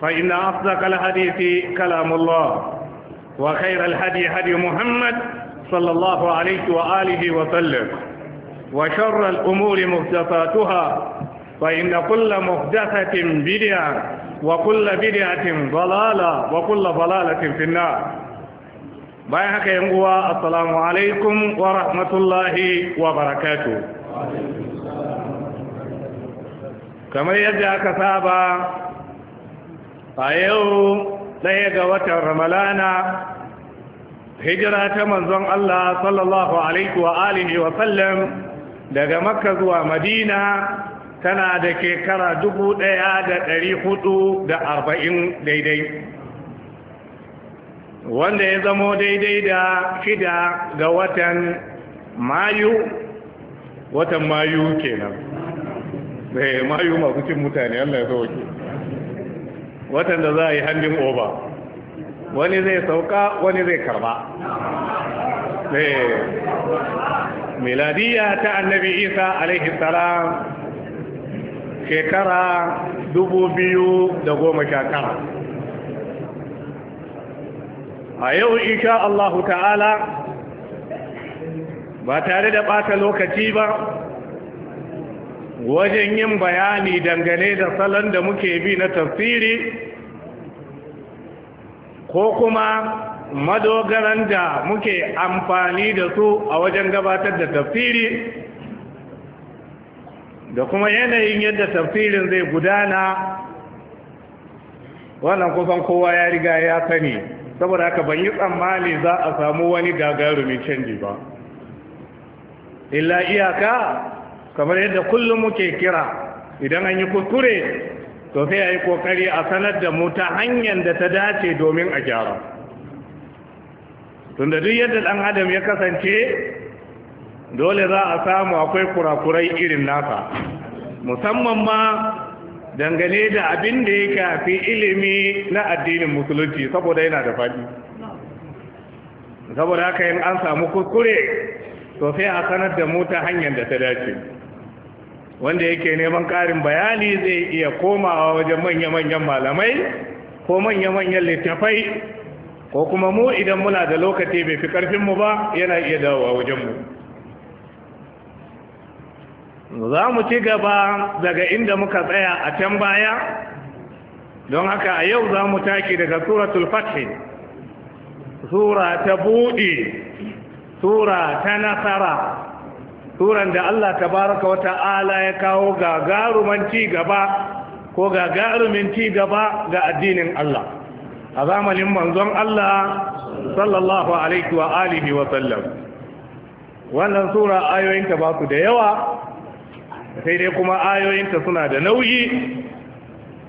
فإن أصدق الحديث كلام الله وخير الهدي هدي محمد صلى الله عليه وآله وسلم وشر الأمور محدثاتها فإن كل محدثة بدعة وكل بدعة ضلالة وكل ضلالة في النار بيحك ينقوى السلام عليكم ورحمة الله وبركاته كما يجعك سابا a yau ɗaya ga watan ramalana hijira ta manzon Allah sallallahu alaihi wa alihi wa sallam daga makka zuwa madina tana da kekara dubu ɗaya da ɗari hudu da arba'in daidai wanda ya zamo daidai da shida ga watan mayu watan mayu kenan eh, mayu masu cin mutane Allah ya wakil Watan da za a yi handin oba wani zai sauka wani zai karba eh, miladiya ta annabi isa alaihi salam shekara dubu biyu da goma shakara a yau isha Allahu ta'ala ba tare da ɓata lokaci ba wajen yin bayani dangane da salon da muke bi na tafsiri ko kuma madogaran da muke amfani da su a wajen gabatar da tafsiri da kuma yanayin yadda tafsirin zai gudana wannan kusan kowa ya riga ya sani saboda haka ban yi tsammani za a samu wani gagarumin canji ba illa iyaka kamar yadda kullum muke kira idan an yi kuskure to sai a yi kokari a sanar da mu ta hanyar da ta dace domin a gyara tunda duk yadda ɗan adam ya kasance dole za a samu akwai kurakurai irin nasa musamman ma dangane da abin da ya kafi ilimi na addinin musulunci saboda yana da faɗi saboda haka yin an samu kuskure to sai a sanar da mu ta hanyar da ta dace wanda yake neman ƙarin bayani zai iya komawa wajen manya-manyan malamai ko manya-manyan littafai ko kuma mu idan muna da lokaci bai fi ƙarfinmu ba yana iya dawowa wajenmu za mu ci gaba daga inda muka tsaya a can baya don haka a yau za mu taki daga suratul fathi sura ta buɗe sura ta nasara suran da Allah ta baraka Wata Ala ya kawo gagaruman ci gaba ko gagarumin ci gaba ga addinin Allah a zamanin manzon Allah sallallahu alaihi wa alihi wa sallam wannan sura ayoyinta ba su da yawa sai dai kuma ayoyinta suna da nauyi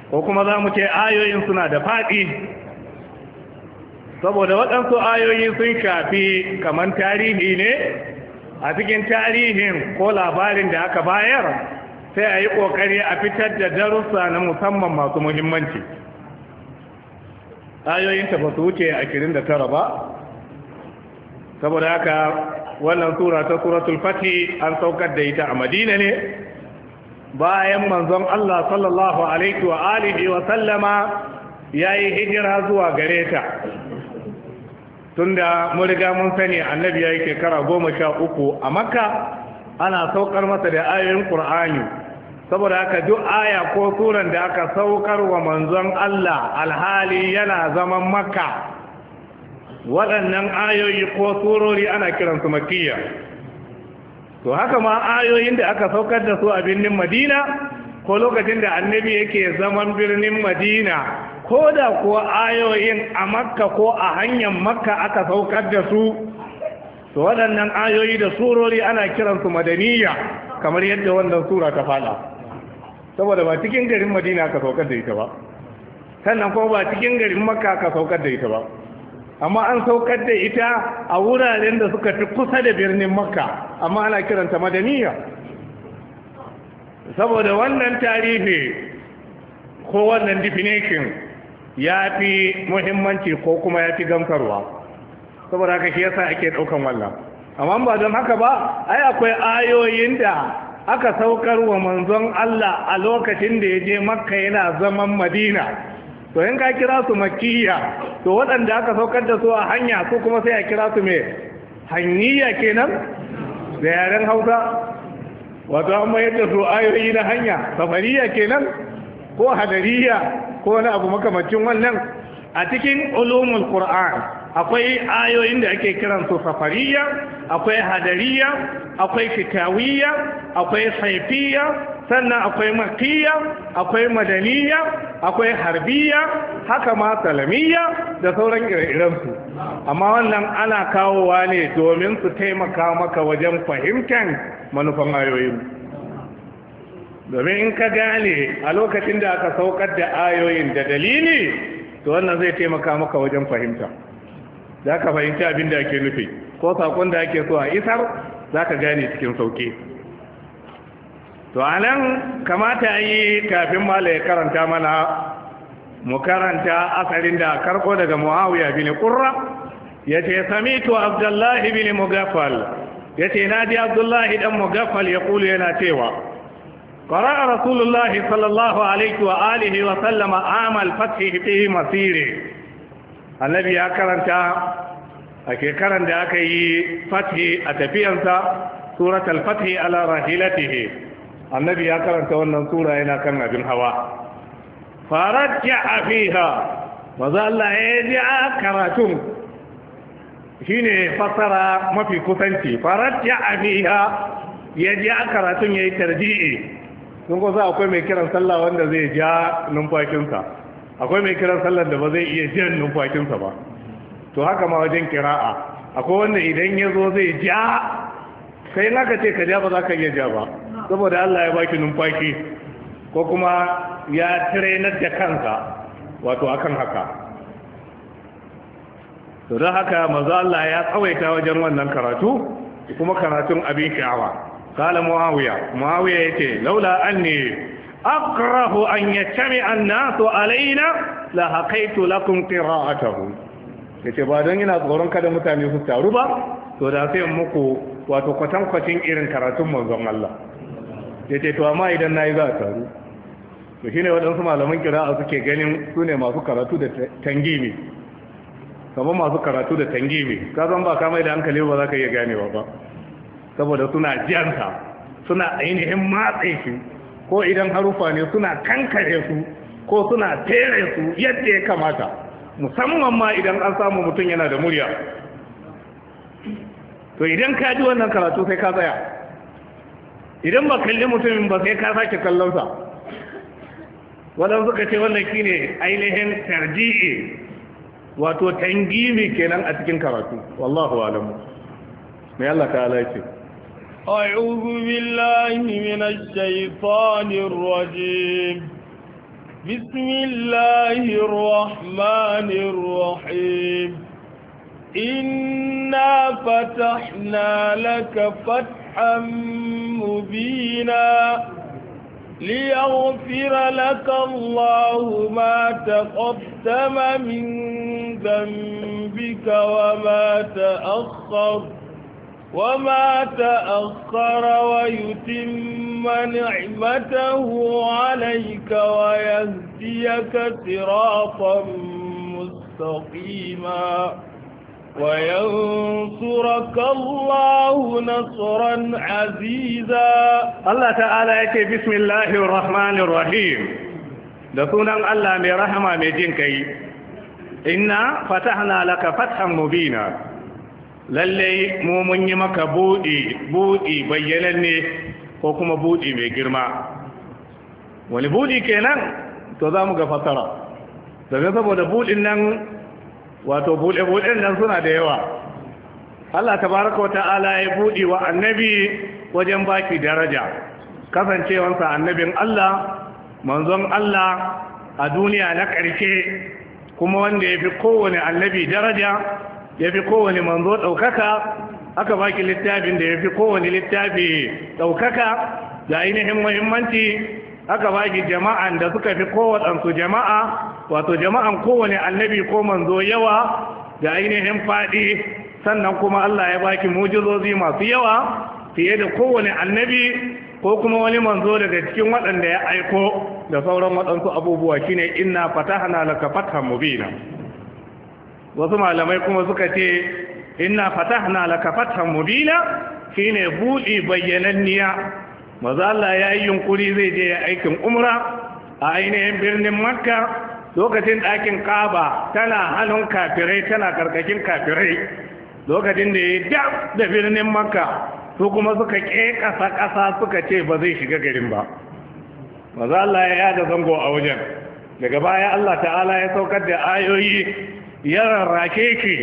ko kuma za mu ce ayoyin suna da faɗi saboda waɗansu ayoyi sun shafi kamar tarihi ne a cikin tarihin ko labarin da aka bayar sai a yi ƙoƙari a fitar da darussa na musamman masu muhimmanci ayoyinta ba su wuce ashirin da tara ba saboda haka wannan sura ta suratul fati an saukar da ita a madina ne bayan manzon Allah sallallahu alaihi wa alihi wa sallama yayi hijira zuwa gare ta tunda mun riga mun sani annabi ya yi shekara goma sha uku a makka ana saukar masa da ayoyin qur'ani saboda haka duk aya ko suran da aka saukar wa manzon Allah alhali yana zaman makka waɗannan ayoyi ko surori ana kiransu makkiya to haka ma ayoyin da aka saukar da su a birnin madina ko lokacin da annabi yake zaman birnin madina ko da kuwa ayoyin a makka ko a hanyar makka aka saukar da su to waɗannan ayoyi da surori ana kiransu madaniya kamar yadda wannan sura ta fada saboda ba cikin garin madina aka saukar da ita ba sannan kuma ba cikin garin makka aka saukar da ita ba amma an saukar da ita a wuraren da suka fi kusa da birnin makka amma ana kiranta madaniya saboda wannan tarihi ko wannan definition ya fi muhimmanci ko kuma ya fi gamsarwa saboda haka shi yasa ake ɗaukan wannan amma ba don haka ba ai akwai ayoyin da aka saukar wa manzon Allah a lokacin da ya je makka yana zaman madina to in ka kira su makkiya to waɗanda aka saukar da su a hanya su kuma sai a kira su mai hanyiya kenan da yaren hausa wato an mayar su ayoyi na hanya safariya kenan ko hadariya ko wani abu makamacin wannan a cikin ulumul qur'an akwai ayoyin da ake kiran su safariya akwai hadariya akwai kitawiya, akwai saifiya sannan akwai makiya akwai madaniya akwai harbiya haka ma salamiya da sauran ire su. amma wannan ana kawowa ne domin su taimaka maka wajen fahimtar manufan ayoyin domin in ka gane a lokacin da aka saukar da ayoyin da dalili to wannan zai taimaka maka wajen fahimta za ka fahimci abin da ake nufi ko sakon da ake so a isar za ka gane cikin sauki to a nan kamata yi kafin mala ya karanta mana mu karanta asalin da karko daga muawiya bin qurra sami to abdullahi bin mugaffal yace nadi abdullahi dan mugaffal ya kulu yana cewa قرأ رسول الله صلى الله عليه وآله وسلم عام الفتح في مسيره النبي يا كرنتا أكي كرنتا أكي فتح أتفينسا سورة الفتح على راحلته النبي يا كرنتا وأن سورة هنا كان أبن هوا فرجع فيها وذا الله يرجع كراتون shine fassara mafi kusanci farajja fiha ya ji a karatun ya yi tarji'i sun kusa akwai mai kiran sallah wanda zai ja numfakinsa akwai mai kiran sallah da ba zai iya jan numfakinsa ba to haka ma wajen kira'a akwai wanda idan ya zo zai ja sai na ka ce ka ja ba za ka iya ja ba saboda allah ya baki numfaki ko kuma ya tirenar da kansa wato akan haka to don haka maza allah ya tsawaita wajen wannan karatu kuma karatun abin sha'awa kala muawiya muawiya yace laula anni akrahu an yattami an-nasu alaina la haqaitu lakum qira'atahu yace ba don ina tsoron kada mutane su taru ba to da sai muku wato kwatankwacin irin karatun manzon Allah yace to amma idan nayi za a taru to shine waɗansu malaman kira'a suke ganin su ne masu karatu da tangimi kamar masu karatu da tangimi ka zan ba ka mai da hankali ba za ka iya ganewa ba saboda suna jiyansa suna ainihin matse shi ko idan harufa ne suna kankare su ko suna tere su yadda ya kamata musamman ma idan an samu mutum yana da murya to idan ka ji wannan karatu sai ka tsaya idan ba kalli mutumin ba sai ka sake kallonsa waɗansu ka ce wannan ne ainihin tarji'i wato tangimi kenan a cikin karatu wallahu alamu mai Allah ta halaye أعوذ بالله من الشيطان الرجيم بسم الله الرحمن الرحيم إنا فتحنا لك فتحا مبينا ليغفر لك الله ما تقدم من ذنبك وما تأخر وما تأخر ويتم نعمته عليك ويهديك صراطا مستقيما وينصرك الله نصرا عزيزا الله تعالى يكي بسم الله الرحمن الرحيم دسونا الله من رحمة من جنكي إنا فتحنا لك فتحا مبينا Lallai mu mun yi maka buɗi buɗi ne, ko kuma buɗi mai girma wani buɗi kenan to za mu ga fasara daga saboda buɗin nan wato buɗe-buɗen nan suna da yawa Allah baraka wa ta'ala ya buɗi wa annabi wajen baki daraja kasancewansa annabin Allah manzon Allah a duniya na ƙarshe kuma wanda ya fi kowane annabi daraja ya fi kowane manzo ɗaukaka aka baki littafin da ya fi kowane littafi ɗaukaka da ainihin muhimmanci aka baki jama'an da suka fi kowaɗansu jama'a wato jama'an kowane annabi ko manzo yawa da ainihin faɗi sannan kuma Allah ya baki mujizozi masu yawa fiye da kowane annabi ko kuma wani manzo daga cikin waɗanda ya aiko da sauran waɗansu abubuwa shine inna fatahna laka fathan mubina wasu malamai kuma suka ce inna fatahna laka fathan mubina shine buɗe bayyananniya maza Allah ya yi yunkuri zai je aikin umra a ainihin birnin makka lokacin ɗakin ƙaba tana hannun kafirai tana karkakin kafirai lokacin da ya dab da birnin makka su kuma suka ƙe ƙasa ƙasa suka ce ba zai shiga garin ba maza Allah ya yada zango a wajen daga baya Allah ta'ala ya saukar da ayoyi ya rarrake ki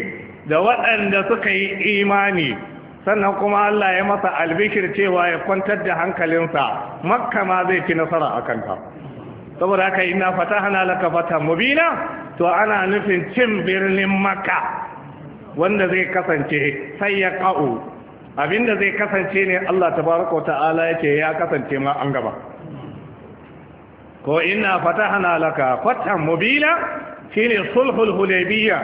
da waɗanda suka yi imani sannan kuma Allah ya masa albishir cewa ya kwantar da hankalinsa makka ma zai ci nasara a kanta saboda haka ina fata hana laka fata mubina to ana nufin cin birnin makka wanda zai kasance sai ya ka'u abinda zai kasance ne Allah tabaraka ta'ala yake ya kasance ma an gaba ko ina fata hana laka fatan mubina Shi ne sulhul hudaybiyya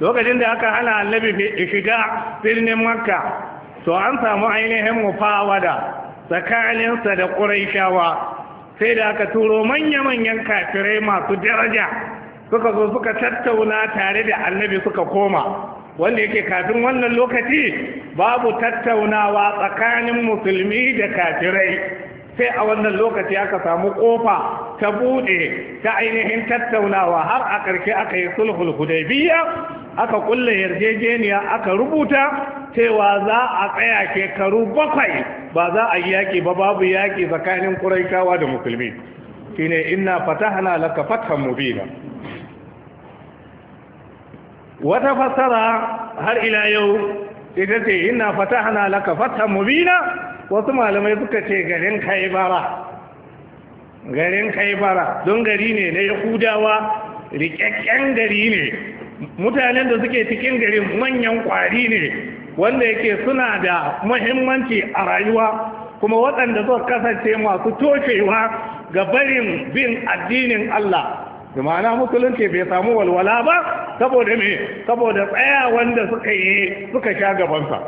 lokacin da aka hana annabi shiga birnin makka to an samu ainihin mufawada tsakaninsa da ƙuraishawa sai da aka turo manya-manyan kafirai masu daraja suka zo suka tattauna tare da annabi suka koma wanda yake kafin wannan lokaci babu tattaunawa tsakanin musulmi da kafirai sai a wannan lokaci aka samu kofa ta buɗe ta ainihin tattaunawa har a ƙarshe aka yi sulhul hudaybiya aka kulle yarjejeniya aka rubuta cewa za a tsaya shekaru bakwai ba za a yi yaƙi ba babu yaƙi tsakanin kuraitawa da musulmi shine inna fatahna laka fathan mubina wata fassara har ila yau ita ce inna fatahna laka fathan mubina wasu malamai suka ce garin kaibara garin kaibara don gari ne na yahudawa rikakken gari ne mutanen da suke cikin garin manyan kwari ne wanda yake suna da muhimmanci a rayuwa kuma waɗanda suka kasance masu toshewa ga barin bin addinin Allah da ma'ana musulunci bai samu walwala ba saboda mai saboda tsaya wanda suka yi suka sha gabansa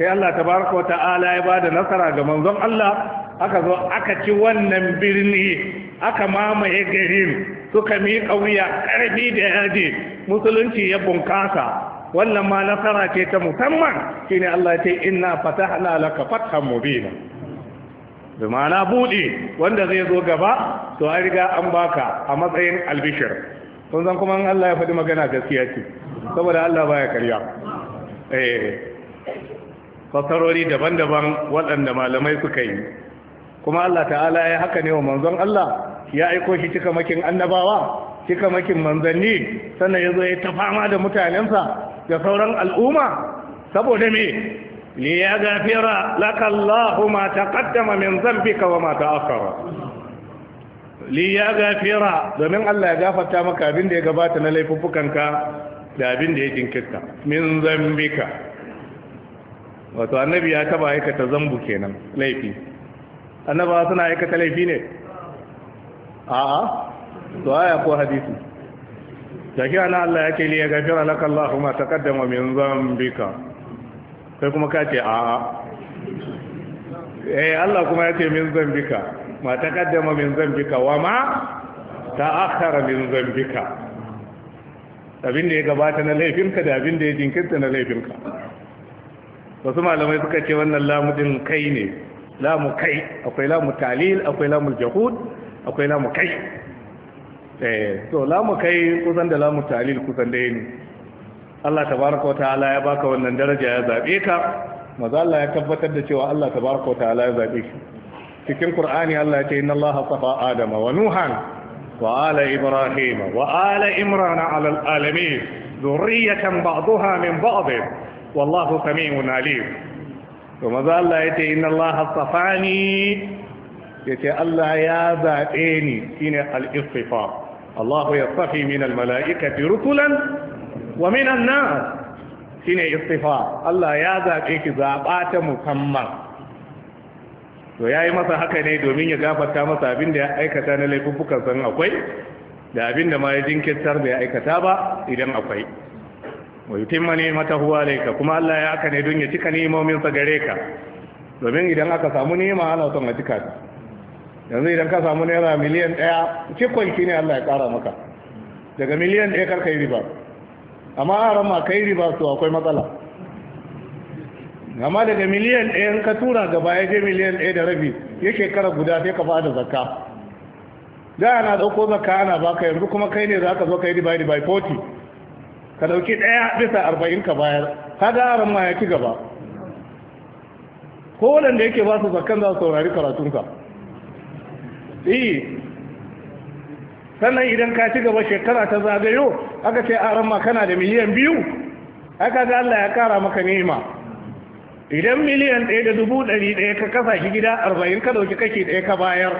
sai Allah tabaraka wa ta'ala ya bada nasara ga manzon Allah aka zo aka ci wannan birni aka mamaye garin suka miƙa wuya ƙarfi da yaji musulunci ya bunkasa. wannan ma nasara ce ta musamman shine Allah ya ce inna fatahna laka fathan mubina bi ma'ana buɗe wanda zai zo gaba to an riga an baka a matsayin albishir kun san kuma Allah ya faɗi magana gaskiya ce saboda Allah baya karya eh fasarori daban-daban waɗanda malamai suka yi kuma Allah ta'ala ya haka ne wa manzon Allah ya aiko shi cikamakin annabawa cikamakin manzanni sannan ya zo ya ta fama da mutanensa da sauran al'umma saboda me li ya gafira laka Allahu ma taqaddama min dhanbika wa ma ta'akhkhara li ya gafira domin Allah ya gafarta maka abin da ya gabata na laifuffukanka da abin da ya jinkirta min dhanbika wato annabi ya taba aikata zambu kenan laifi annaba suna aikata laifi ne a'a to aya ko hadisi take ana Allah yake liya gafira laka Allahu ma taqaddama min zambika sai kuma kace a'a eh Allah kuma yace min zambika ma taqaddama min zambika wa ma ta'akhkhara min zambika abin da ya gabata na laifinka da abin da ya jinkirta na laifinka wasu malamai suka ce wannan lamudin kai ne lamu kai akwai lamu talil akwai lamu jahud akwai lamu kai eh to lamu kai kusan da lamu talil kusan dai ne Allah tabaraka wa ta'ala ya baka wannan daraja ya zabe ka maza Allah ya tabbatar da cewa Allah tabaraka wa ta'ala ya zabe shi cikin Qur'ani Allah ya ce inna Allah safa Adama wa Nuhan wa ala Ibrahim wa ala Imran ala alamin dhurriyatan ba'daha min ba'd wallahu sami'un alim to maza Allah yace inna Allah astafani yace Allah ya zabe ni shine al-istifa Allah yastafi min al-mala'ikati rusulan wa min an-nas shine istifa Allah ya zabe ki zaba ta musamman to ya yi masa haka ne domin ya gafarta masa abin da ya aikata na laifukan san akwai da abin da ma ya jinkirtar da ya aikata ba idan akwai wa yutimma ni'matahu alayka kuma Allah ya aka ne don ya cika ni'imomin sa gare ka domin idan aka samu ni ana son a cika yanzu idan ka samu naira miliyan ɗaya cikon ki ne Allah ya ƙara maka daga miliyan ɗaya kar ka yi riba amma a rama ka yi riba su akwai matsala amma daga miliyan ɗaya ka tura gaba ya je miliyan ɗaya da rabi ya shekara guda sai ka bada zakka da ana ɗauko zakka ana baka yanzu kuma kai ne za ka zo ka yi riba riba 40 ka dauki daya bisa arba'in ka bayar kaga aron ma ya ci gaba ko wadanda yake ba su zakkan za su saurari karatunka eh sannan idan ka ci gaba shekara ta zagayo aka ce aron ma kana da miliyan biyu aka ga Allah ya kara maka nema idan miliyan ɗaya da dubu ɗari ɗaya ka kasa shi gida arba'in ka dauki kake ɗaya ka bayar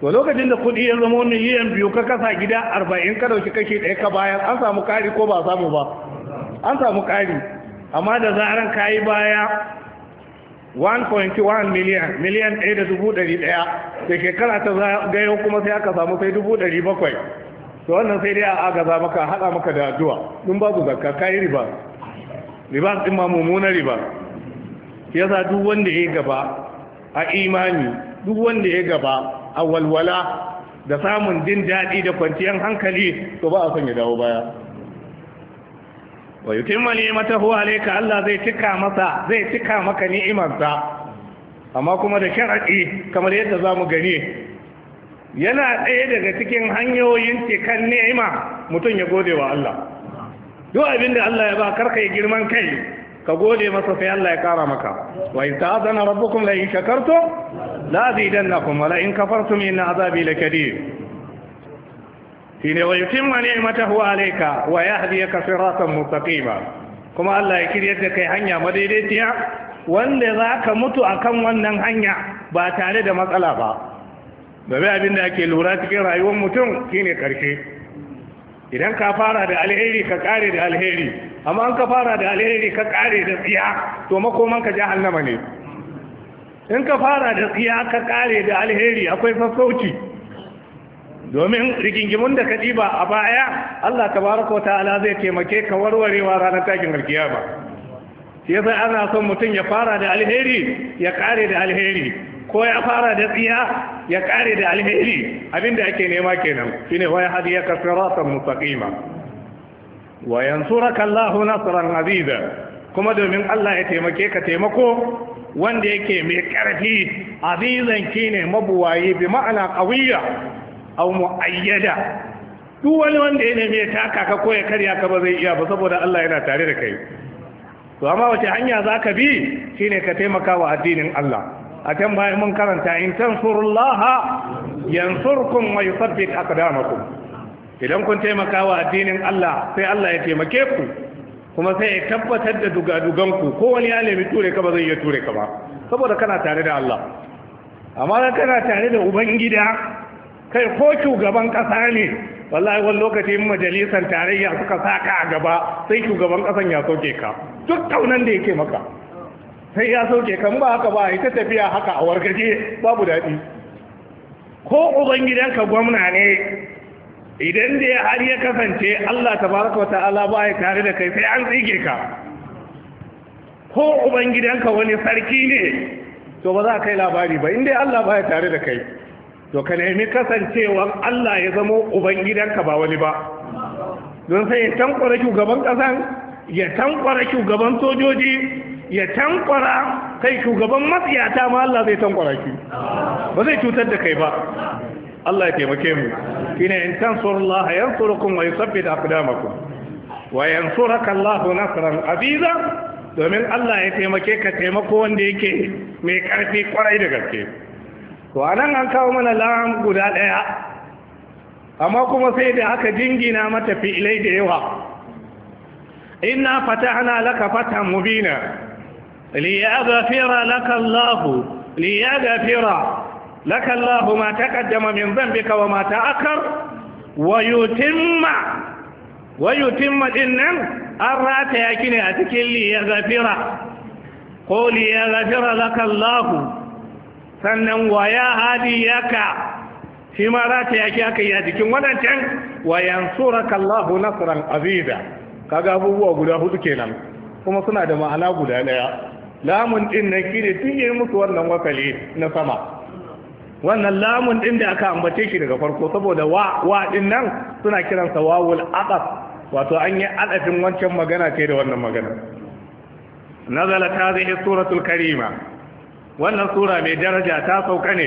to lokacin da kuɗi ya zama miliyan biyu ka kasa gida arba'in ka dauki kashi ɗaya ka bayan an samu ƙari ko ba samu ba an samu ƙari amma da zaran ka yi baya 1.1 miliyan miliyan ɗaya da dubu ɗari ɗaya da shekara ta gayo kuma sai aka samu sai dubu ɗari bakwai to wannan sai dai a agaza maka haɗa maka da addu'a in babu zakka ka yi riba riba ɗin ma mummunar riba yasa duk wanda ya gaba a imani duk wanda ya gaba a walwala da samun jin daɗi da kwanciyar hankali to ba a son ya dawo baya wa mata huwa alayka Allah zai cika masa zai cika maka ni'imarsa amma kuma da sharadi kamar yadda zamu gani yana ɗaya daga cikin hanyoyin cikan ni'ima mutum ya gode wa Allah duk abin da Allah ya ba karka ya girman kai ka gode masa sai Allah ya kara maka wa istazana rabbukum la in shakartum la zidannakum wa la in kafartum inna azabi lakadir alaika. wa yutimma ni'matahu alayka wa yahdiyaka siratan mustaqima kuma Allah ya kiryar da kai hanya madaidaiciya wanda zaka mutu akan wannan hanya ba tare da matsala ba babe abinda ake lura cikin rayuwar mutum shine karshe idan ka fara da alheri ka kare da alheri amma an ka fara da alheri ka kare da tsiya to makoman ka jahannama ne in ka fara da tsiya ka kare da alheri akwai sassauci domin rigingimun da ka ɗiba a baya Allah tabaraka wa ta'ala zai taimake ka warwarewa ranar takin alkiyama sai sai ana son mutum ya fara da alheri ya kare da alheri ko ya fara da tsiya ya kare da alheri abinda ake nema kenan shine wa yahdiyaka siratan mustaqima wa yansuraka Allahu nasran aziza kuma domin Allah ya taimake ka taimako wanda yake mai karfi azizan kine mabuwaye bi ma'ana qawiyya aw muayyada duk wani wanda ya nemi ya taka ka ko ya karya ka ba zai iya ba saboda Allah yana tare da kai to amma wace hanya zaka bi shine ka taimaka wa addinin Allah a can bayan mun karanta in tansurullaha yansurkum wa yuthabbit aqdamakum idan kun taimaka wa addinin Allah sai Allah ya taimake ku kuma sai ya tabbatar da dugadugan ku ko wani ya nemi ture ka ba zai iya ture ka ba saboda kana tare da Allah amma da kana tare da ubangida kai ko shugaban kasa ne wallahi wani lokaci majalisar tarayya suka saka a gaba sai shugaban kasan ya soke ka duk kaunan da yake maka sai ya sauke kan ba haka ba ita tafiya haka a wargaje babu daɗi ko ubangidanka gwamna ne idan da ya har ya kasance Allah baraka wa ta'ala ba ya tare da kai sai an tsige ka ko ubangidanka wani sarki ne to ba za ka kai labari ba inda Allah ba ya tare da kai to ka nemi kasancewar Allah ya zama ubangidanka ba wani ba don sai ya tankwara shugaban ƙasan ya tankwara shugaban sojoji ya tankwara kai shugaban matsiyata ma Allah zai tankwara ki ba zai cutar da kai ba Allah ya taimake mu shine in tansurullaha yansurukum wa yuthabbit aqdamakum wa yansuraka Allahu nasran aziza domin Allah ya taimake ka taimako wanda yake mai karfi kwarai da gaske to anan an kawo mana lam guda daya amma kuma sai da aka jingina mata fi'ilai da yawa inna fatahna laka fatan mubina ليغفر لك الله ليغفر لك الله ما تقدم من ذنبك وما تأخر ويتم ويتم إن أرأت يكني أتكين ليغفر قول ليغفر لك الله sannan waya hadi shi ma za ta yaki aka yi a jikin wadancan wayan suraka Allah nasran kaga abubuwa guda hudu kenan kuma suna da ma'ana guda daya lamun din nan shine tun yi musu wannan wakali na sama wannan lamun din da aka ambace shi daga farko saboda wa wa din nan suna kiransa wawul aqaf wato an yi adafin wancan magana ce da wannan magana nazalat hadhihi suratul karima wannan sura mai daraja ta sauka ne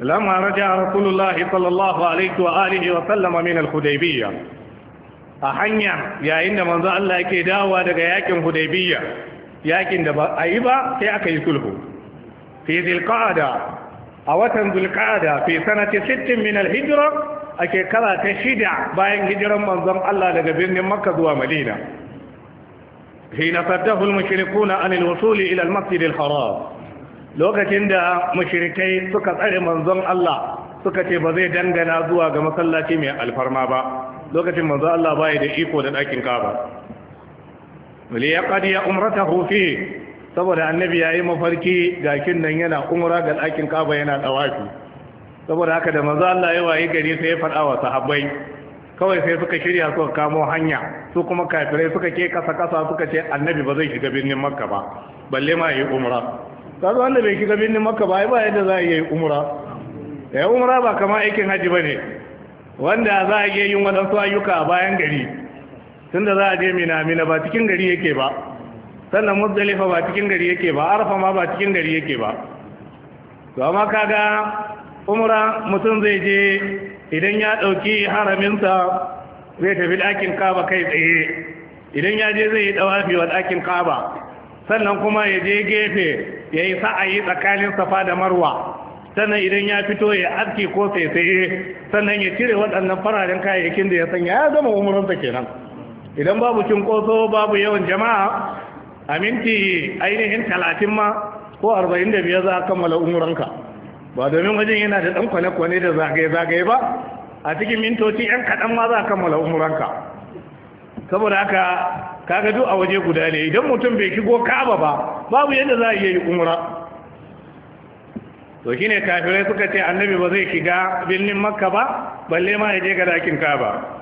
lamma raja rasulullahi sallallahu alaihi wa alihi wa sallama min al-hudaybiyya a hanya yayin da manzo Allah yake dawowa daga yakin hudaybiyya yakin da ba a yi ba sai aka yi sulhu fi zilqa'ada a watan zulqa'ada fi sanata 60 min al a ta shida bayan hijiran manzon Allah daga birnin Makka zuwa Madina hina saddahu al-mushrikuna an al-wusuli ila al-masjid lokacin da mushrikai suka tsare manzon Allah suka ce ba zai dangana zuwa ga masallaci mai alfarma ba lokacin manzon Allah bai da iko da ɗakin Ka'aba wali ya umar umratahu fi saboda annabi yayi mafarki kin nan yana umra ga ɗakin kaba yana tawafi saboda haka da manzo Allah ya wayi gari sai ya faɗa wa sahabbai kawai sai suka shirya suka kamo hanya su kuma kafirai suka ke kasa kasa suka ce annabi ba zai shiga birnin makka ba balle ma yi umra kazo wanda bai shiga birnin makka ba ai ba yadda za a yi umra ya eh, umra ba kama aikin haji bane wanda za a iya yin waɗansu ayyuka a bayan gari tunda za a je mina mina ba cikin gari yake ba sannan muzdalifa ba cikin gari yake ba Arafa ma ba cikin gari yake ba to amma kaga umra mutum zai je idan ya dauki haraminsa zai tafi ɗakin kaba kai tsaye idan ya je zai yi dawafi wa ɗakin kaba sannan kuma ya je gefe ya yi sa'ayi tsakanin safa da marwa sannan idan ya fito ya aski ko tsaye sannan ya cire waɗannan fararen kayayyakin da ya sanya ya zama umurarsa kenan idan babu cinkoso babu yawan jama'a a minti ainihin talatin ma ko arba'in da biyar za a kammala umuranka ba domin wajen yana da ɗan kwane-kwane da zagaye-zagaye ba a cikin mintoci 'yan kaɗan ma za a kammala umuranka saboda haka kaga duk a waje guda ne idan mutum bai shigo kaba ba babu yadda za a iya yi umura. to ne kafirai suka ce annabi ba zai shiga birnin makka ba balle ma ya je ga dakin kaba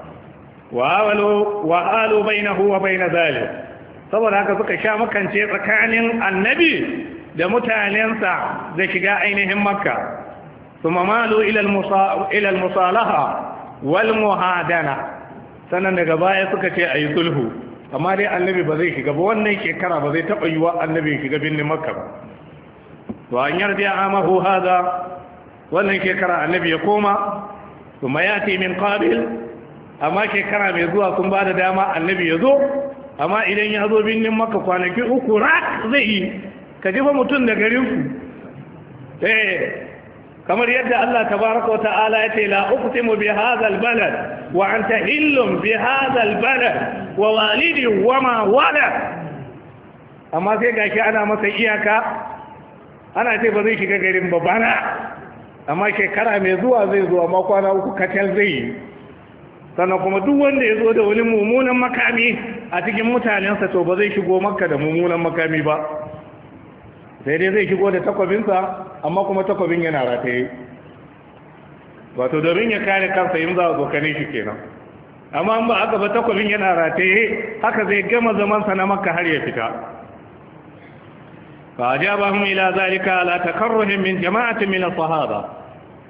wa na huwa bai na zalim saboda haka suka sha makance tsakanin annabi da mutanensa da shiga ainihin makka thumma malu ilal musalaha wal muhadana sannan daga baya suka ce ayi sulhu amma dai annabi ba zai shiga ba wannan shekara ba zai taba yiwa annabi shiga birnin makka ba wa an yarda amahu haza wannan shekara annabi ya koma kuma ya min qabil amma shekara mai zuwa sun ba da dama annabi ya zo amma idan ya zo birnin maka kwanaki uku rak zai yi ka jefa mutum da garinku eh kamar yadda Allah tabaraka wa ta'ala ya ce la uqsimu bi hadha al-balad wa anta illum bi hadha al-balad wa walidi wa ma amma sai gashi ana masa iyaka ana ce ba zai shiga garin ba bana amma shekara mai zuwa zai zo amma kwana uku kacal zai yi sannan kuma duk wanda ya zo da wani mummunan makami a cikin mutanensa to ba zai shigo makka da mummunan makami ba sai dai zai shigo da takwabinsa amma kuma takwabin yana rataye wato domin ya kare kansa yin za a tsokane shi kenan amma an ba aka ba takwabin yana rataye haka zai gama zamansa na makka har ya fita fa ajabahum ila zalika ala takarruhim min jama'atin min as-sahaba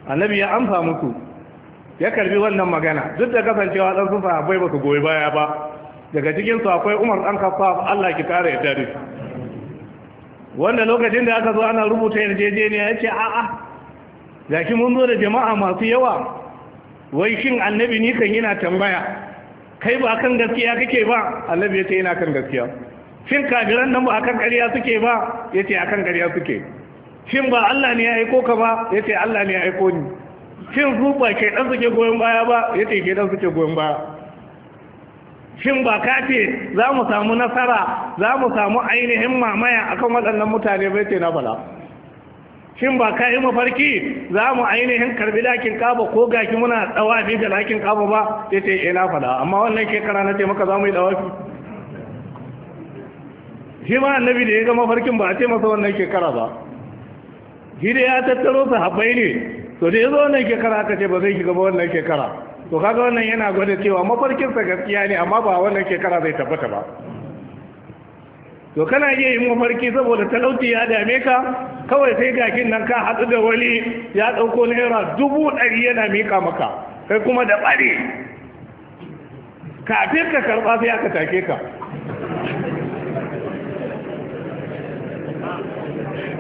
annabi ya amsa muku ya karbi wannan magana duk da kasancewa dan sun sahabbai bai su goyi baya ba daga cikin su akwai Umar dan Khattab Allah ki kare ya tare wanda lokacin da aka zo ana rubuta yarjejeniya yace a a gashi mun zo da jama'a masu yawa wai shin annabi ni kan yana tambaya kai ba kan gaskiya kake ba annabi yace yana kan gaskiya shin kafiran nan ba akan ƙarya suke ba yace akan ƙarya suke shin ba Allah ne ya aiko ka ba yace Allah ne ya aiko ni shin su ke dan suke goyon baya ba ce ke dan suke goyon baya shin ba ka ce za mu samu nasara za mu samu ainihin mamaya akan waɗannan mutane bai ce na bala shin ba ka yi mafarki za mu ainihin karbi lakin kaba ko gaki muna tsawafi da lakin kaba ba ya ce ina eh, fada amma wannan shekara na ce maka za mu yi tsawafi shi ma annabi da ya ga mafarkin ba a ce masa wannan shekara ba shi da ya tattaro sahabbai ne to da ya zo wannan kekara aka ce ba zai shiga ba wannan shekara to kaga wannan yana gwada cewa mafarkinsa gaskiya ne amma ba wannan shekara zai tabbata ba to kana iya yin mafarki saboda talauci ya dame ka kawai sai gakin nan ka haɗu da wani ya ɗauko naira dubu ɗari yana mika maka kai kuma da ɓare kafin ka karɓa sai aka take ka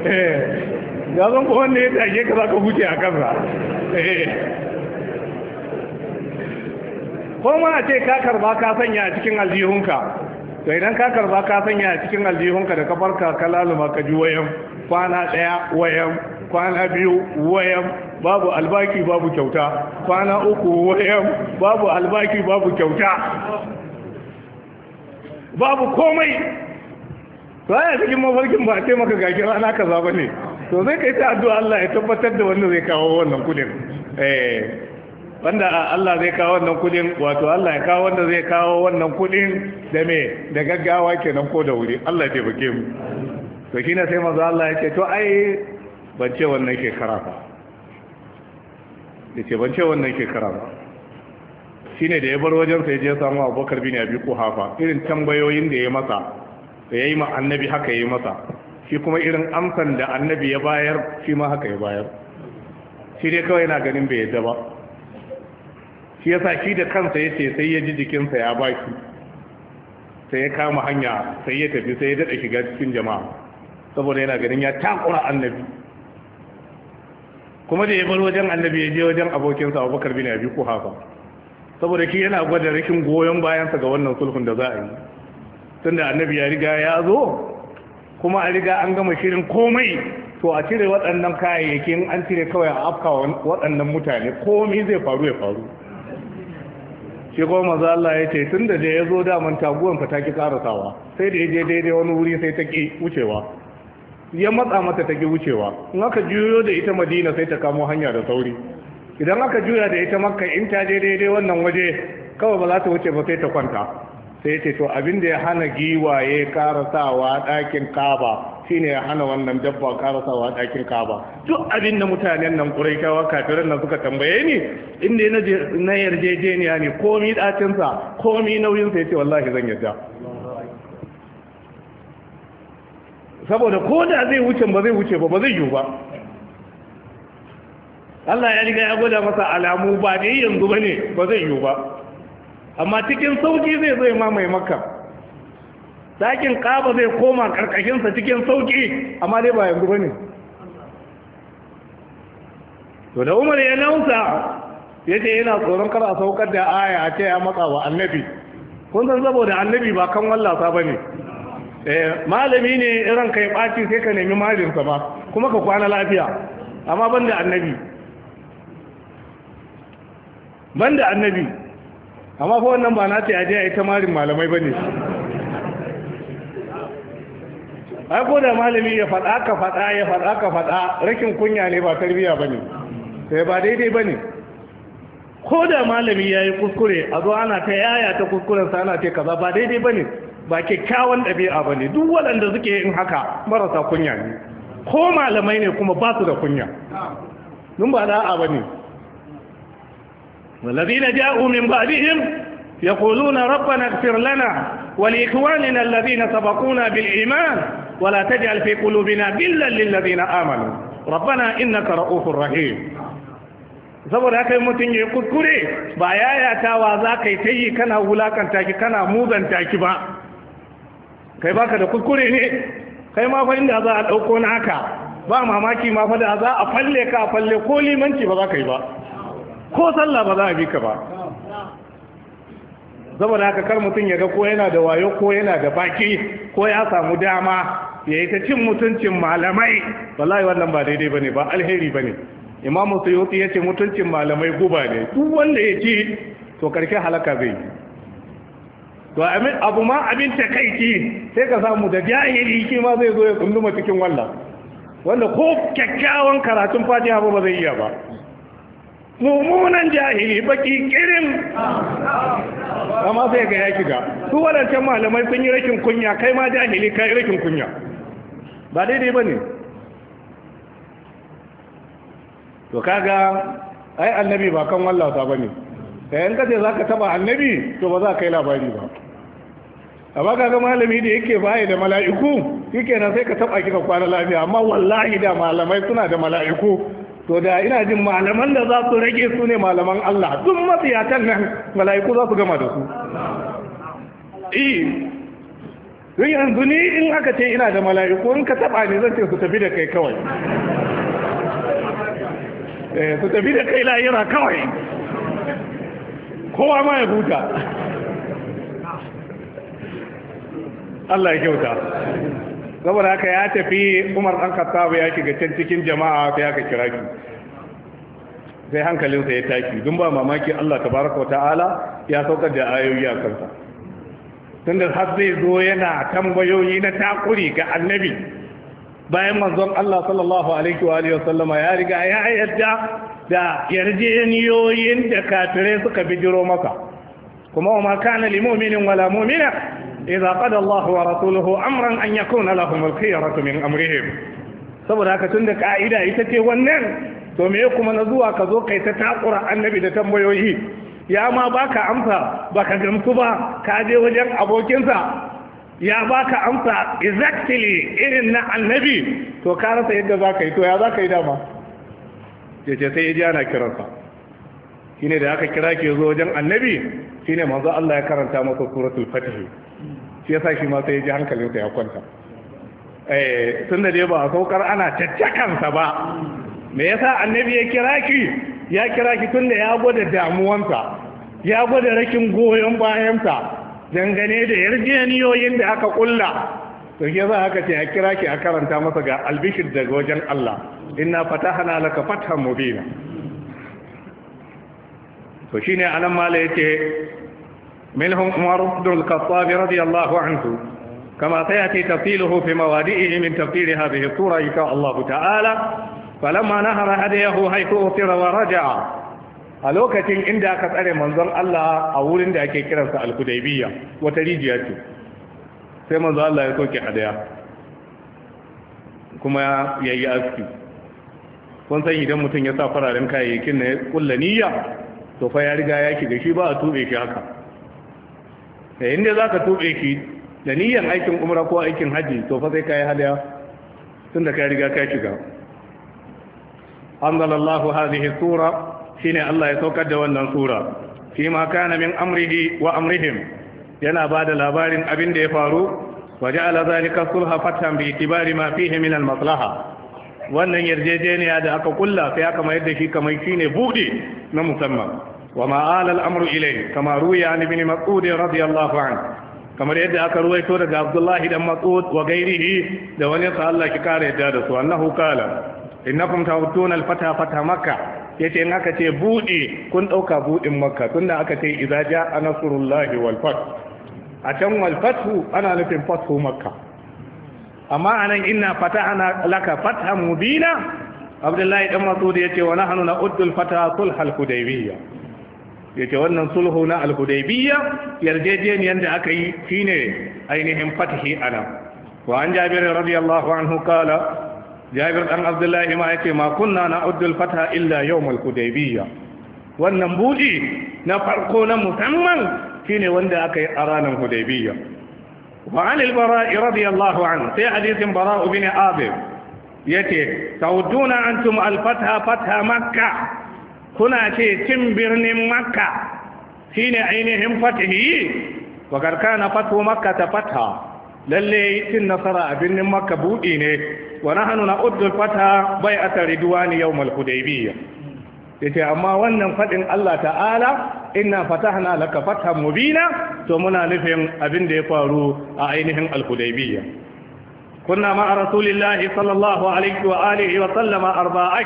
eh ya zan ko wanda ya tage ka za ka huce a kansa eh. ko mana ce ka karba ka sanya a cikin aljihunka to idan ka karba ka sanya a cikin aljihunka da ka farka ka laluma ka ji wayan kwana ɗaya wayan kwana biyu wayan babu albaki babu kyauta kwana uku wayan babu albaki babu kyauta babu komai baya cikin mafarkin ba a ce maka gashi rana ka zaba ne to zai kai ta addu'a Allah ya tabbatar da wanda zai kawo wannan kudin eh wanda Allah zai kawo wannan kudin wato Allah ya kawo wanda zai kawo wannan kudin da me da gaggawa kenan ko da wuri Allah ya taimake mu to kina sai manzo Allah ya ce to ai ban ce wannan shekara ba yace ban ce wannan shekara ba shine da ya bar wajen sai je samu Abubakar bin Abi Quhafa irin tambayoyin da ya masa da yayi ma annabi haka yayi masa shi kuma irin amsan da annabi ya bayar shi ma haka ya bayar shi dai kawai yana ganin bai yadda ba shi yasa shi da kansa yace sai ya ji jikinsa ya shi sai ya kama hanya sai ya tafi sai ya daɗa shiga cikin jama'a saboda yana ganin ya takura annabi kuma da ya bar wajen annabi ya je wajen abokinsa abubakar bin abi haka saboda shi yana gwada rashin goyon bayansa ga wannan sulhun da za a yi tunda annabi ya riga ya zo kuma a riga an gama shirin komai to a cire waɗannan kayayyakin an cire kawai a afka waɗannan mutane komai zai faru ya faru shi kuma maza Allah ya ce tun da ya zo daman taguwan ta ki karasawa sai da ya je daidai wani wuri sai ta ki wucewa ya matsa mata ta ki wucewa in aka juyo da ita madina sai ta kamo hanya da sauri idan aka juya da ita makka in ta je daidai wannan waje kawai ba za ta wuce ba sai ta kwanta sai ce to abin da ya hana giwaye karasawa ɗakin kaba shine ya hana wannan dabba karasawa ɗakin kaba duk abin da mutanen nan kuraitawa kafirin nan suka tambaye ni inda na yarjejeniya ne komi ɗacinsa komi nauyinsa ya ce wallahi zan yarda saboda ko da zai wuce ba zai wuce ba ba zai yiwu ba Allah ya riga ya gwada masa alamu ba dai yanzu ba ne ba zai yiwu ba amma cikin sauki zai zai mamaye makka dakin kaba zai koma karkashinsa cikin sauki amma dai ba yanzu bane to da umar ya nausa ya ce yana tsoron kar a saukar da aya a ce ya matsa wa annabi kun san saboda annabi ba kan wallasa ba ne eh, malami ne irin kai ɓaci sai ka nemi malinsa ba kuma ka kwana lafiya amma ban annabi ban da annabi amma fa wannan ba na ce aje a yi ta marin malamai ba ne ai ko da malami ya fada ka faɗa ya fada ka faɗa rakin kunya ne ba tarbiyya ba ne sai ba daidai ba ne ko da malami ya yi kuskure a zo ana ta yaya ta kuskuren sa ana ce kaza ba daidai ba ne ba kyakkyawan ɗabi'a ba ne duk waɗanda suke yin haka marasa kunya ne ko malamai ne kuma ba su da kunya nun ba da'a ba ne والذين جاءوا من بعدهم يقولون ربنا اغفر لنا ولإخواننا الذين سبقونا بالإيمان ولا تجعل في قلوبنا غلا للذين آمنوا ربنا إنك رؤوف رحيم saboda haka mutum ya kuskure ba yayatawa za ka yi ta yi kana wulakanta ki kana muganta ki ba kai baka da kuskure ne kai ma inda za a ɗauko naka ba mamaki ma fa da za a falle ka falle ko limanci ba za ka yi ba ko sallah ba za a bi ka ba da haka kar mutum ya ga ko yana da wayo ko yana da baki ko ya samu dama ya yi ta cin mutuncin malamai wallahi wannan ba daidai bane ba alheri bane imam suyuti ya ce mutuncin malamai guba ne duk wanda ya ci to karshe halaka zai yi to abu ma abin ta takaici sai ka samu da jahili shi ma zai zo ya tsunduma cikin wallah wanda ko kyakkyawan karatun fatiha ba zai iya ba mummunan jahili baki kirin amma sai ga ya shiga su wadancan malamai sun yi rashin kunya kai ma jahili kai rashin kunya ba daidai ba ne to kaga ai annabi ba kan wallata ba ne da yan kace za ka taba annabi to ba za ka yi labari ba A amma kaga malami da yake baya da mala'iku shi kenan sai ka taba kika kwana lafiya amma wallahi da malamai suna da mala'iku to da ina jin malaman da za su rage su ne malaman Allah duk matsiyatan nan mala'iku za su gama da su don yanzu ni in aka ce ina da mala'iku in ka taba ne zan ce su tafi da kai kawai eh, su tafi da kai layira kawai kowa ma ya huta Allah ya kyauta saboda haka ya tafi umar ɗan kattabu ya shiga can cikin jama'a ya ka kira shi sai hankalinsa ya taki dun ba mamaki Allah tabaraka wa ta'ala ya saukar da ayoyi a kansa Tunda har zai zo yana tambayoyi na takuri ga annabi bayan manzon Allah sallallahu alaihi wa alihi ya riga ya yadda da yarjeniyoyin da kafirai suka bijiro maka kuma wa ma kana lil mu'minin wala mu'mina idza qada Allahu wa rasuluhu amran an yakuna lahum al-khiyaratu min amrihim saboda haka tunda ka'ida ita ce wannan to me kuma na zuwa ka zo kai ta takura annabi da tambayoyi ya ma baka amsa baka gamsu ba ka je wajen abokinsa ya baka amsa exactly irin na annabi to ka rasa yadda za ka yi to ya za ka yi dama ya ce sai ya ji ana kiransa shine da aka kira ke zo wajen annabi shine manzo Allah ya karanta masa suratul fatih shi yasa shi ma sai ya ji hankalinsa ya kwanta eh tun da ba a saukar ana caccakansa ba me yasa annabi ya kira ki ya kira ki tun da ya gwada damuwansa ya gwada rakin goyon bayansa dangane da yarjeniyoyin da aka kulla to ke za haka ce ya kira ki a karanta masa ga albishir daga wajen Allah inna hana laka fathan mubina to shine anan mala yake منهم عمر بن الخطاب رضي الله عنه كما سيأتي تفصيله في مواضعه من تفصيل هذه الصورة إن شاء الله تعالى فلما نهر هديه حيث أصر ورجع ألوكة عند أكثر منظر الله أول عند أكثر الكديبية وتريجياته سيما الله يكون هديه kuma ya yi aski kun san idan mutum ya sa fararen kayayyakin na kulla niyya to fa ya riga ya shiga shi ba a tube shi haka da eh, inda za ka tuɓe ki da niyyar aikin umra ko aikin hajji to fa sai ka yi hadiya tun da ka riga ka shiga anzalallahu hadhihi sura shine Allah ya saukar da wannan sura fi ma kana min amrihi wa amrihim yana ba da labarin abin da ya faru waje ala zalika sulha fatan bi itibari ma fihi min al-maslaha wannan yarjejeniya da aka kulla sai aka mayar da shi kamar shine buɗe na musamman وما آل الأمر إليه كما روي عن ابن مسعود رضي الله عنه كما يدعى aka ruwaito daga Abdullah ibn Mas'ud wa da wani sa Allah ki kare yadda da su annahu qala fata fata yace in aka ce buɗe kun dauka budin makka tunda aka ce idza ja'a nasrullahi wal fath a can wal ana nufin fathu makka amma anan inna ana laka fathan mubina Abdullahi dan ya yace wa nahnu hanuna al-fata sulh hudaybiyah yace wannan sulhu na alhudaibiyya yarjejeniyar da aka yi shine ainihin fatihi ana wa an jabir radiyallahu anhu kala jabir dan abdullahi ma yace ma kunna na al-fatha illa yawm al wannan buɗi na farko na musamman shine wanda aka yi a ranar hudaybiyya وعن البراء رضي الله عنه في حديث براء بن عاذب يتي تودون أنتم alfatha fatha مكة kuna ce cin birnin makka shine ainihin fatihi wa na fatu makka ta fata lalle cin nasara a birnin makka buɗi ne wa na na'uddu fata bai ata ridwani yawmal Ya ce amma wannan fadin Allah ta'ala inna fatahna laka fathan mubina to muna nufin abin da ya faru a ainihin al-hudaybiyya kunna ma'a rasulillahi sallallahu alaihi wa alihi wa sallama arba'a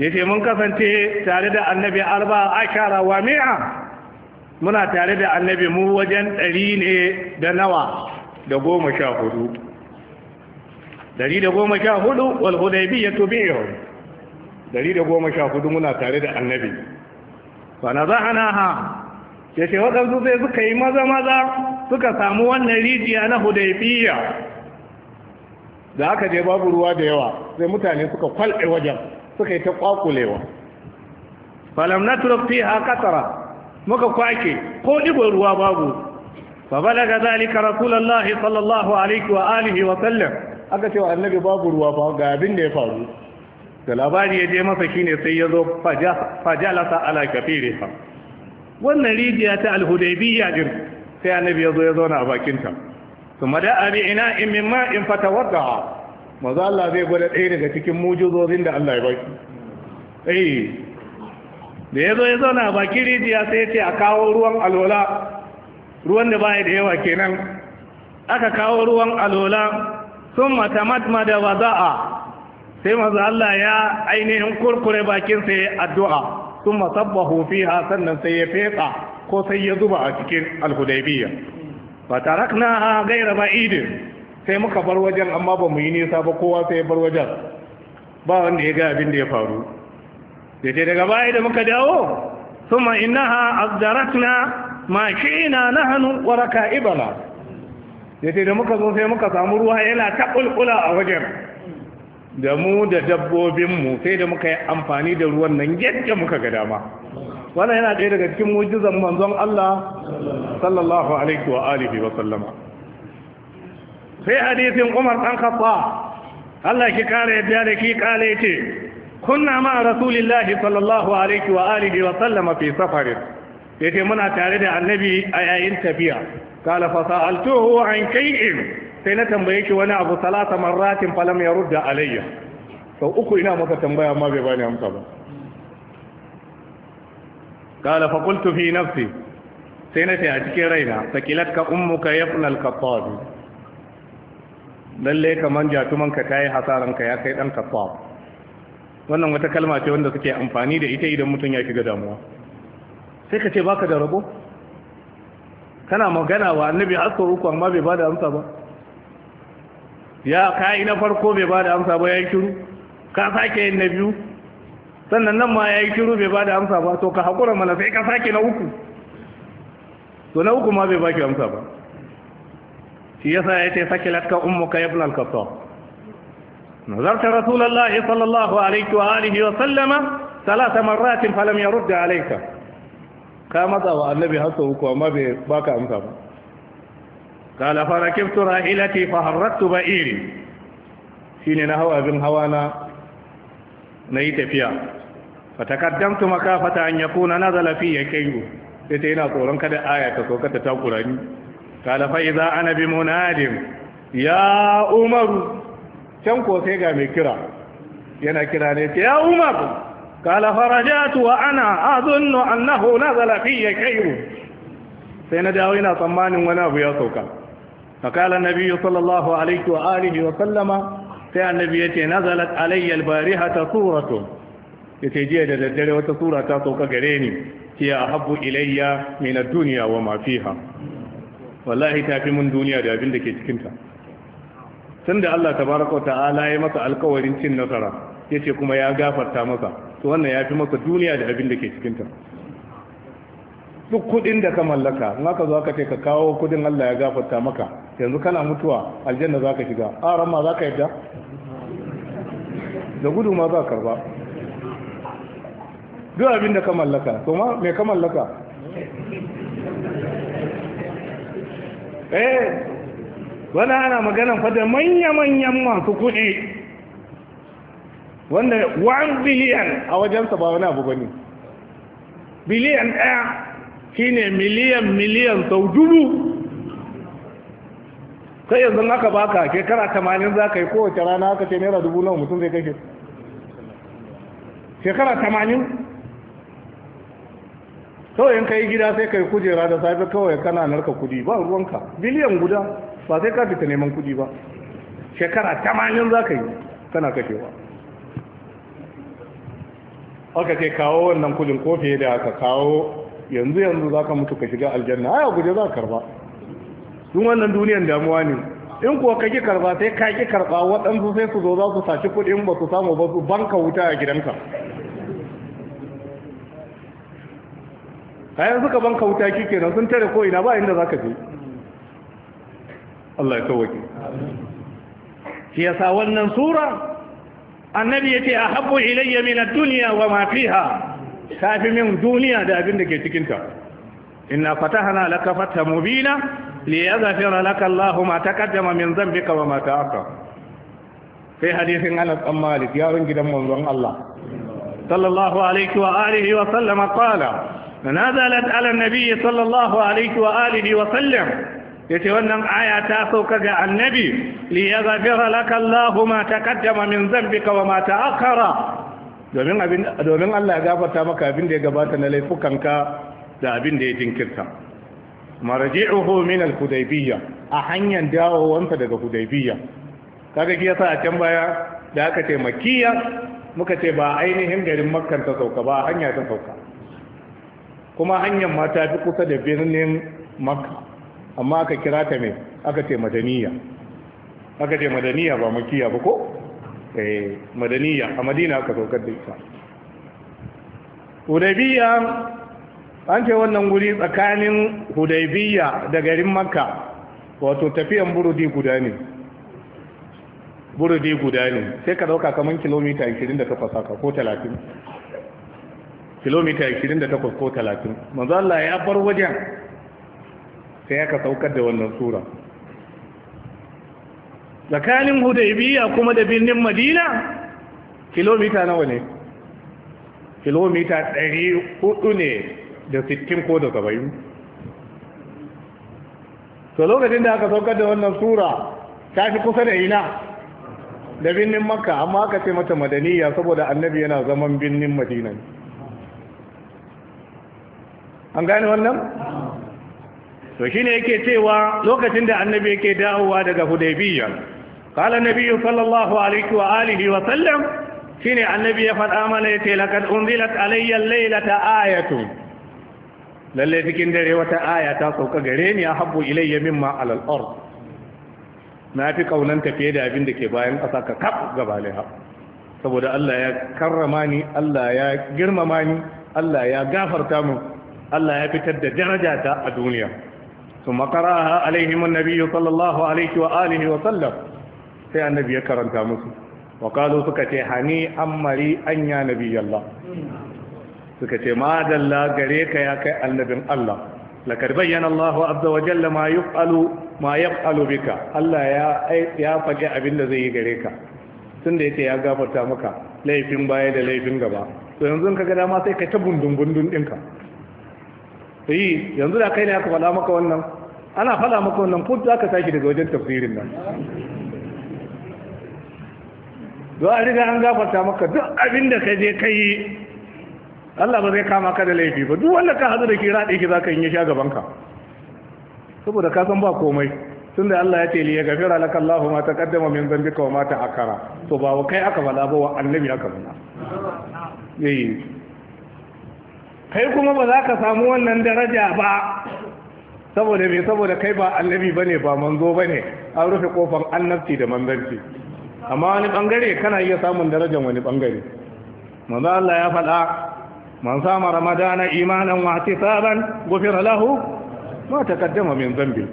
yace mun kasance tare da annabi arba ashara wa mi'a muna tare da annabi mu wajen ɗari ne da nawa da goma sha hudu ɗari da goma sha hudu wal hudaybiyatu bi'hum ɗari da goma sha hudu muna tare da annabi za naha ya yace waɗansu sai suka yi maza maza suka samu wannan rijiya na hudaybiya da aka je babu ruwa da yawa sai mutane suka kwalɗe wajen suka yi ta kwakulewa falam na turafi ha katara muka kwake ko ɗigon ruwa babu fa balaga zalika rasulullahi sallallahu alaihi wa alihi wa sallam aka cewa annabi babu ruwa ba ga abin da ya faru da labari ya je masa ne sai ya zo fajalasa ala kafiriha wannan rijiya ta alhudabiya din sai annabi ya zo ya zauna a bakin ta kuma da abi ina in min ma'in fatawadda maza Allah zai gwada ɗaya daga cikin mujizozin da Allah ya baki ɗaya da ya zo ya zauna a bakin rijiya sai ya ce a kawo ruwan alola ruwan da baya da yawa kenan aka kawo ruwan alola sun matma da a. sai maza Allah ya ainihin kurkure bakinsa ya addu'a sun masabbahu ha sannan sai ya fesa ko sai ya zuba a cikin alhudaibiyya fa tarakna gaira ba idin. sai muka bar wajen amma ba mu yi nisa ba kowa sai ya bar wajen ba wanda ya ga abin da ya faru da ce daga baya da muka dawo suma innaha na ma na hannun wa ibala da ce da muka zo sai muka samu ruwa yana ta kulkula a wajen da mu da dabbobinmu sai da muka yi amfani da ruwan nan yadda muka ga dama wannan yana ɗaya daga cikin mujizan manzon Allah sallallahu alaihi wa alihi wa sallama sai hadisin umar ɗan kafa Allah ki kare yadda da ki kale ce kunna ma rasulillahi sallallahu alaihi wa alihi wa sallama fi safarin yace muna tare da annabi a yayin tafiya kala fa sa'altuhu an kay'in sai na tambaye ki wani abu salata marratin falam yarudda alayya sau uku ina masa tambaya amma bai bani amsa ba kala fa qultu fi nafsi sai na ce a cikin raina sakilatka ummuka yafnal qattabi lalle kaman jatumanka ta yi hasaranka ya kai ɗan kasuwa wannan wata kalma ce wanda suke amfani da ita idan mutum ya shiga damuwa sai ka ce baka da rabo kana magana wa annabi asar uku amma bai bada amsa ba ya kayi ina farko bai bada amsa ba ya yi shiru ka sake yin na biyu sannan nan ma ya yi shiru bai bada amsa ba to ka haƙura mana sai ka sake na uku to na uku ma bai baki amsa ba shi yasa yace sakilatka ummuka ibn al-khattab nazarta rasulullahi sallallahu alaiki! wa alihi wa sallama salasa marratin falam rudda alayka ka matsa wa annabi har sau uku amma bai baka amsa ba qala fa rakibtu rahilati fa harrattu Shi ne na hau abin hawa na yi tafiya fa taqaddamtu makafata an yakuna nazala fi yakayyu sai ta yana tsoron kada aya ta so kada ta kurani قال فإذا أنا بمناد يا عمر كم كو سي ga mai kira yana kira ne ce ya umar kala farajatu wa ana azunnu annahu nazala fi kayru sai na dawo ina tsammanin wani abu ya sauka فقال النبي صلى الله عليه وآله وسلم سيا النبي يتي نزلت علي البارحة سورة يتي جيدة الدلوة سورة تاسوك غريني هي أحب إلي من الدنيا وما فيها wallahi ta fi mun duniya da abin da ke cikinta tun da Allah tabaraka wa ta'ala ya masa alkawarin cin nasara ya ce kuma ya gafarta masa to wannan ya fi masa duniya da abin da ke cikinta duk kudin da ka mallaka in aka zo aka ce ka kawo kudin Allah ya gafarta maka yanzu kana mutuwa aljanna za ka shiga a ma za ka yadda da gudu ma za ka karba duk abin da ka mallaka to ma me ka mallaka eh wani ana magana fada manya-manyan masu kuɗi wanda 1 biliyan a wajensa ba wani abu bane biliyan ɗaya shine miliyan miliyan sau dubu kai yanzu aka baka shekara tamanin za ka yi kowace rana aka ce naira dubu nawa mutum zai kashe shekara tamanin kawai in yi gida sai ka yi kujera da safe kawai kana narka kudi ba ruwanka biliyan guda ba sai ka fita neman kudi ba shekara tamanin za ka yi kana kashewa aka ce kawo wannan kudin ko fiye da aka kawo yanzu yanzu za ka mutu ka shiga aljanna aya guje za ka karba sun wannan duniyan damuwa ne in kuwa ka ki karba sai ka ki karba waɗansu sai su zo za su saci kudin ba su samu ba su banka wuta a gidanka kayan suka banka wuta kike nan sun tare ko ina ba inda zaka je Allah ya Ki shi yasa wannan sura annabi a haɓu ilayya min ad-dunya wa ma fiha tafi min duniya da abin da ke cikin ta inna fatahna laka fatha mubina liyaghfira laka Allahu ma taqaddama min dhanbika wa ma ta'akhkhara sai hadisin Anas ɗan Malik yaron gidan manzon Allah sallallahu alaihi wa alihi wa sallama qala nazalat ala nabi sallallahu alaihi wa alihi wa sallam yace wannan aya ta sauka ga annabi li yaghfira laka Allahu ma taqaddama min dhanbika wa ma ta'akhkhara domin abin domin Allah ya gafarta maka abin da ya gabata na laifukanka da abin da ya jinkirta marji'uhu min al-hudaybiyya a hanyar dawowansa daga hudaybiyya kaga ki yasa a can baya da aka ce makkiya muka ce ba ainihin garin makkan ta sauka ba hanya ta sauka kuma hanyar ma ta fi kusa da birnin makka amma aka kira ta mai aka ce madaniya aka ce madaniya ba makiya ba ko eh madaniya a madina aka saukar da ita Hudaibiyya. an ce wannan guri tsakanin hudaibiyya da garin makka wato tafiyan burudi guda ne burudi guda ne sai ka dauka kamar kilomita 28 haka ko kilomita 28 ko 30 manzo Allah ya bar wajen sai aka saukar da wannan sura tsakanin hudaybiya kuma da birnin madina kilomita nawa ne kilomita 400 ne da 60 ko da 70 to lokacin da aka saukar da wannan sura ta fi kusa da ina da birnin makka amma aka ce mata madaniya saboda annabi yana zaman birnin madina ne an gane wannan to shine yake cewa lokacin da annabi yake dawowa daga hudaybiya qala annabiyyu sallallahu alaihi wa alihi wa sallam shine annabi ya faɗa mana yace laqad unzilat alayya al-laylata ayatu. lalle cikin dare wata aya ta sauka gare ni ya habbu ilayya mimma alal ard na fi kaunan tafiye da abin da ke bayan ƙasa ka kaf gaba saboda Allah ya karrama ni Allah ya girmama ni Allah ya gafarta mu Allah ya fitar da daraja ta a duniya su makaraha alaihim annabi sallallahu alaihi wa alihi wa sallam sai annabi ya karanta musu wa qalu suka ce hani ammari anya nabi Allah suka ce ma dalla gare ka ya kai annabin Allah lakar bayyana Allah azza wa jalla ma yaf'alu ma yaf'alu bika Allah ya ya faɗi abin da zai yi gare ka tunda yake ya gafarta maka laifin baya da laifin gaba to yanzu ka ga dama sai ka ta bundun bundun dinka yi eh, yanzu da kai ne aka fada maka wannan ana faɗa maka wannan kun za ka tashi daga wajen tafsirin nan don a riga an gafarta maka duk abin da ka je ka yi Allah ba zai kama ka da laifi ba duk wanda ka hadu da kira ɗaya za ka yi sha gaban ka saboda ka san ba komai tun da Allah ya ce liya ya gafira laka Allahu ma kaddama min zambika wa mata akara to ba wa kai aka bala ba wa annabi aka bala kai kuma ba za ka samu wannan daraja ba saboda me saboda kai ba annabi ne ba manzo ba ne, an rufe kofar annabci da manzanci amma wani bangare kana iya samun darajar wani bangare manzo Allah ya faɗa man sama ramadana imanan wa ihtisaban ghufira lahu ma taqaddama min dhanbi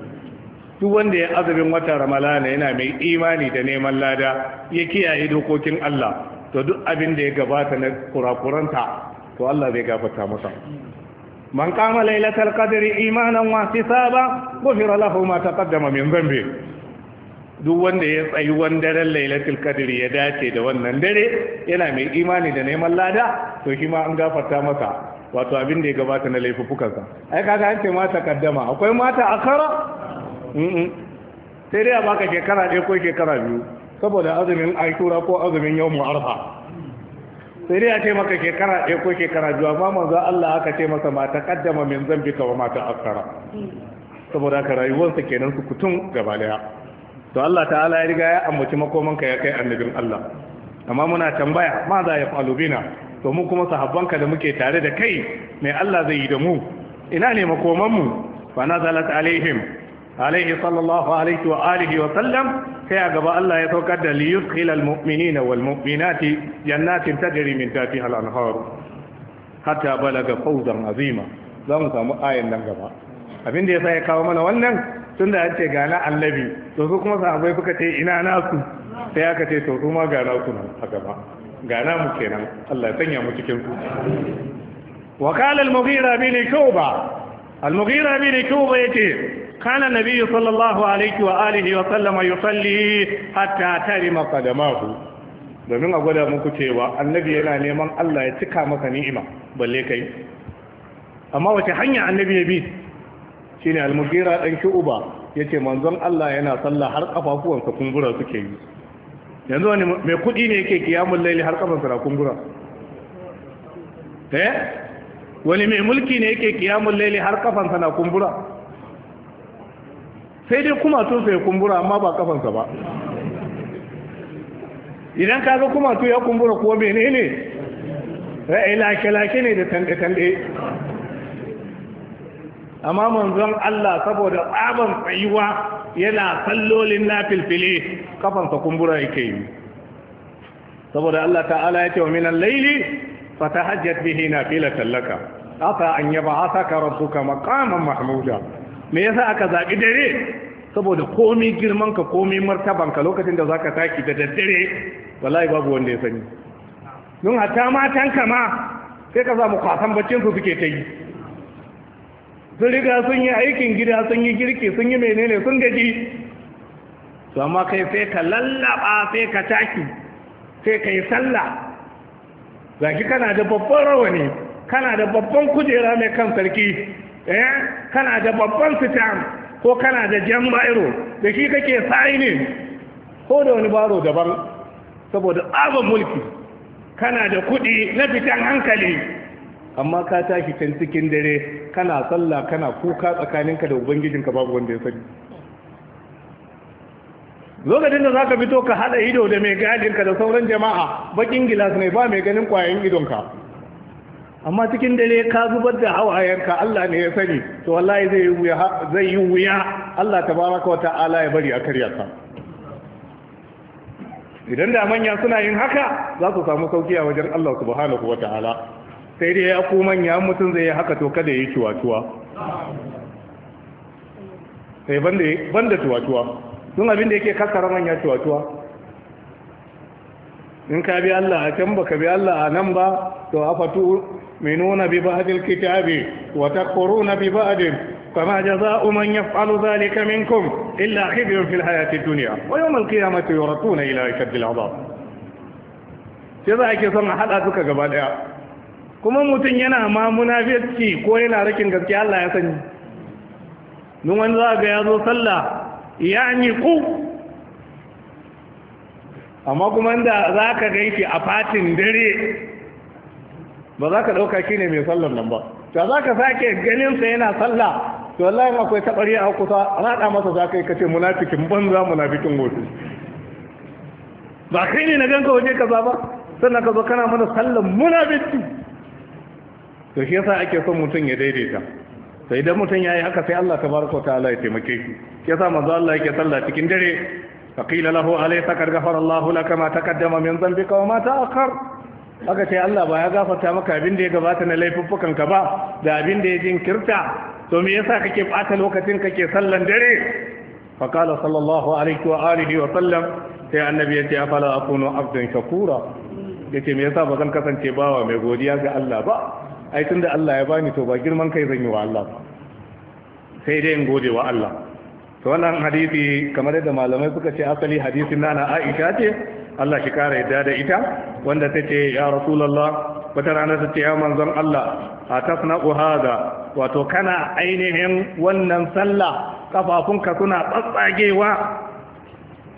duk wanda ya azumin wata ramadana yana mai imani da neman lada ya kiyaye dokokin Allah to duk abin da ya gabata na kurakuranta to Allah zai gafarta masa man kama lailatul qadri imanan wa hisaba ghufira lahu ma taqaddama min dhanbi duk wanda ya tsayi wandaren lailatul qadri ya dace da wannan dare yana mai imani da neman lada to shi ma an gafarta masa wato abin da ya gabata na laifukansa ai kaga an ce mata kaddama akwai mata akara sai dai a baka shekara ɗaya ko shekara biyu saboda azumin ashura ko azumin yawmul arha sai dai ya ce maka shekara ɗaya ko shekara biyu amma manzo Allah aka ce masa ma ta kaddama min zambi ka wa mata ta akara saboda haka rayuwarsa kenan su kutum gaba daya to Allah ta'ala ya riga ya ambaci makomanka ya kai annabin Allah amma muna tambaya ma za ya falu bina to mu kuma sahabbanka da muke tare da kai mai Allah zai yi da mu ina ne makoman mu fa nazalat alaihim alaihi sallallahu alaihi wa alihi wa sallam sai a gaba Allah ya saukar da liyudkhil almu'minina wal mu'minati jannatin tajri min tahtiha al-anhar hatta balaga fawzan azima za mu samu ayan nan gaba abin da yasa ya kawo mana wannan tunda an ce ga na annabi kuma sahabbai suka ce ina nasu sai aka ce nan a gaba mu kenan Allah ya sanya mu cikin al yace كان النبي صلى الله عليه وآله وسلم يصلي حتى ترم قدماه domin a gwada muku cewa annabi yana neman Allah ya cika maka ni'ima balle kai amma wace hanya annabi ya bi shine al-mugira dan shu'uba yace manzon Allah yana sallah har sa kungura suke yi yanzu wani mai kudi ne yake kiyamul laili har kafansa na kungura eh wani mai mulki ne yake kiyamul laili har kafansa na kumbura sai dai kumatunsa ya kumbura amma ba kafansa ba idan ka ga kumatu ya kumbura kuwa mene ne ra'ayi lake-lake ne da tanɗe-tanɗe amma manzon Allah saboda tsaban tsayuwa yana sallolin na filfile kafansa kumbura yake yi saboda Allah ta'ala ya ce wa minan laili fata hajjat bihi na fila tallaka asa an yaba asa ka rasu ka makaman mahmuda me yasa aka zaɓi dare saboda komi girmanka ka komi martaban lokacin da za ka taki da daddare wallahi babu wanda ya sani don hatta matan ka ma sai ka samu kwasan baccin su suke ta yi sun riga sun yi aikin gida sun yi girki sun yi menene sun gaji to amma kai sai ka lallaba sai ka taki sai ka yi sallah zaki kana da babban rawani kana da babban kujera mai kan sarki eh kana da babban fitan ko kana da jan bairo da shi kake ne ko da wani baro daban saboda tsaban mulki kana da kuɗi na fitan hankali amma ka tashi can cikin dare kana sallah kana kuka tsakaninka da ubangijinka babu wanda ya sani lokacin da zaka fito ka hada ido da mai gadinka da sauran jama'a bakin gilas ne ba mai ganin kwayan idonka amma cikin dare ka zubar da hawayenka Allah ne ya sani to wallahi zai yi wuya zai yi wuya Allah tabaraka wa ta'ala ya bari a karya ka idan da manya suna yin haka za su samu sauki a wajen Allah subhanahu wa ta'ala sai dai ya ku manya mutum zai yi haka to kada yi tuwa tuwa sai banda banda tuwa cuwa sun abin da yake kakkara manya tuwa tuwa in ka bi Allah a can ba ka bi Allah a nan ba to afatu minuna bi ba'dil kitabi wa takfuruna bi ba'din فما جزاء من يفعل ذلك منكم إلا خزي في الحياة الدنيا ويوم القيامة يردون إلى أشد العذاب sai za a ke son a haɗa duka gaba ɗaya kuma mutum yana ma munafiyarci ko yana rikin gaske Allah ya sani don wani za ga ya zo sallah ya ni ku amma kuma inda za ka ganki a fatin dare ba za ka ɗauka shi ne mai sallar nan ba ta za ka sake ganinsa yana sallah to wallahi ma akwai taɓari a kusa raɗa masa za ka yi kace munafikin banza munafikin gobe ba kai ne na ganka waje za ba sannan ka zo kana mana sallar munafiki to shi yasa ake son mutum ya daidaita sai idan mutum ya yi haka sai Allah tabaraka ta'ala ya taimake shi yasa manzo Allah yake sallah cikin dare فقيل له أليس قد غفر الله لك ما تقدم من ذنبك وما تأخر aka ce Allah ba ya gafarta maka abin da ya gabata na ka ba da abin da ya jinkirta to me yasa kake bata lokacin kake sallan dare fa qala sallallahu alaihi wa alihi wa sallam sai annabi ya ce afala akunu abdan shakura yace me yasa bazan kasance bawa mai godiya ga Allah ba ai tunda Allah ya bani to ba girman kai zan yi wa Allah ba sai dai in gode wa Allah to wannan hadisi kamar yadda malamai suka ce asali hadisin nana Aisha ce Allah shi kare yadda da ita wanda ta ya rasulullah wata rana ta ce ya manzon Allah a tasna'u wato kana ainihin wannan sallah kafafunka suna tsatsagewa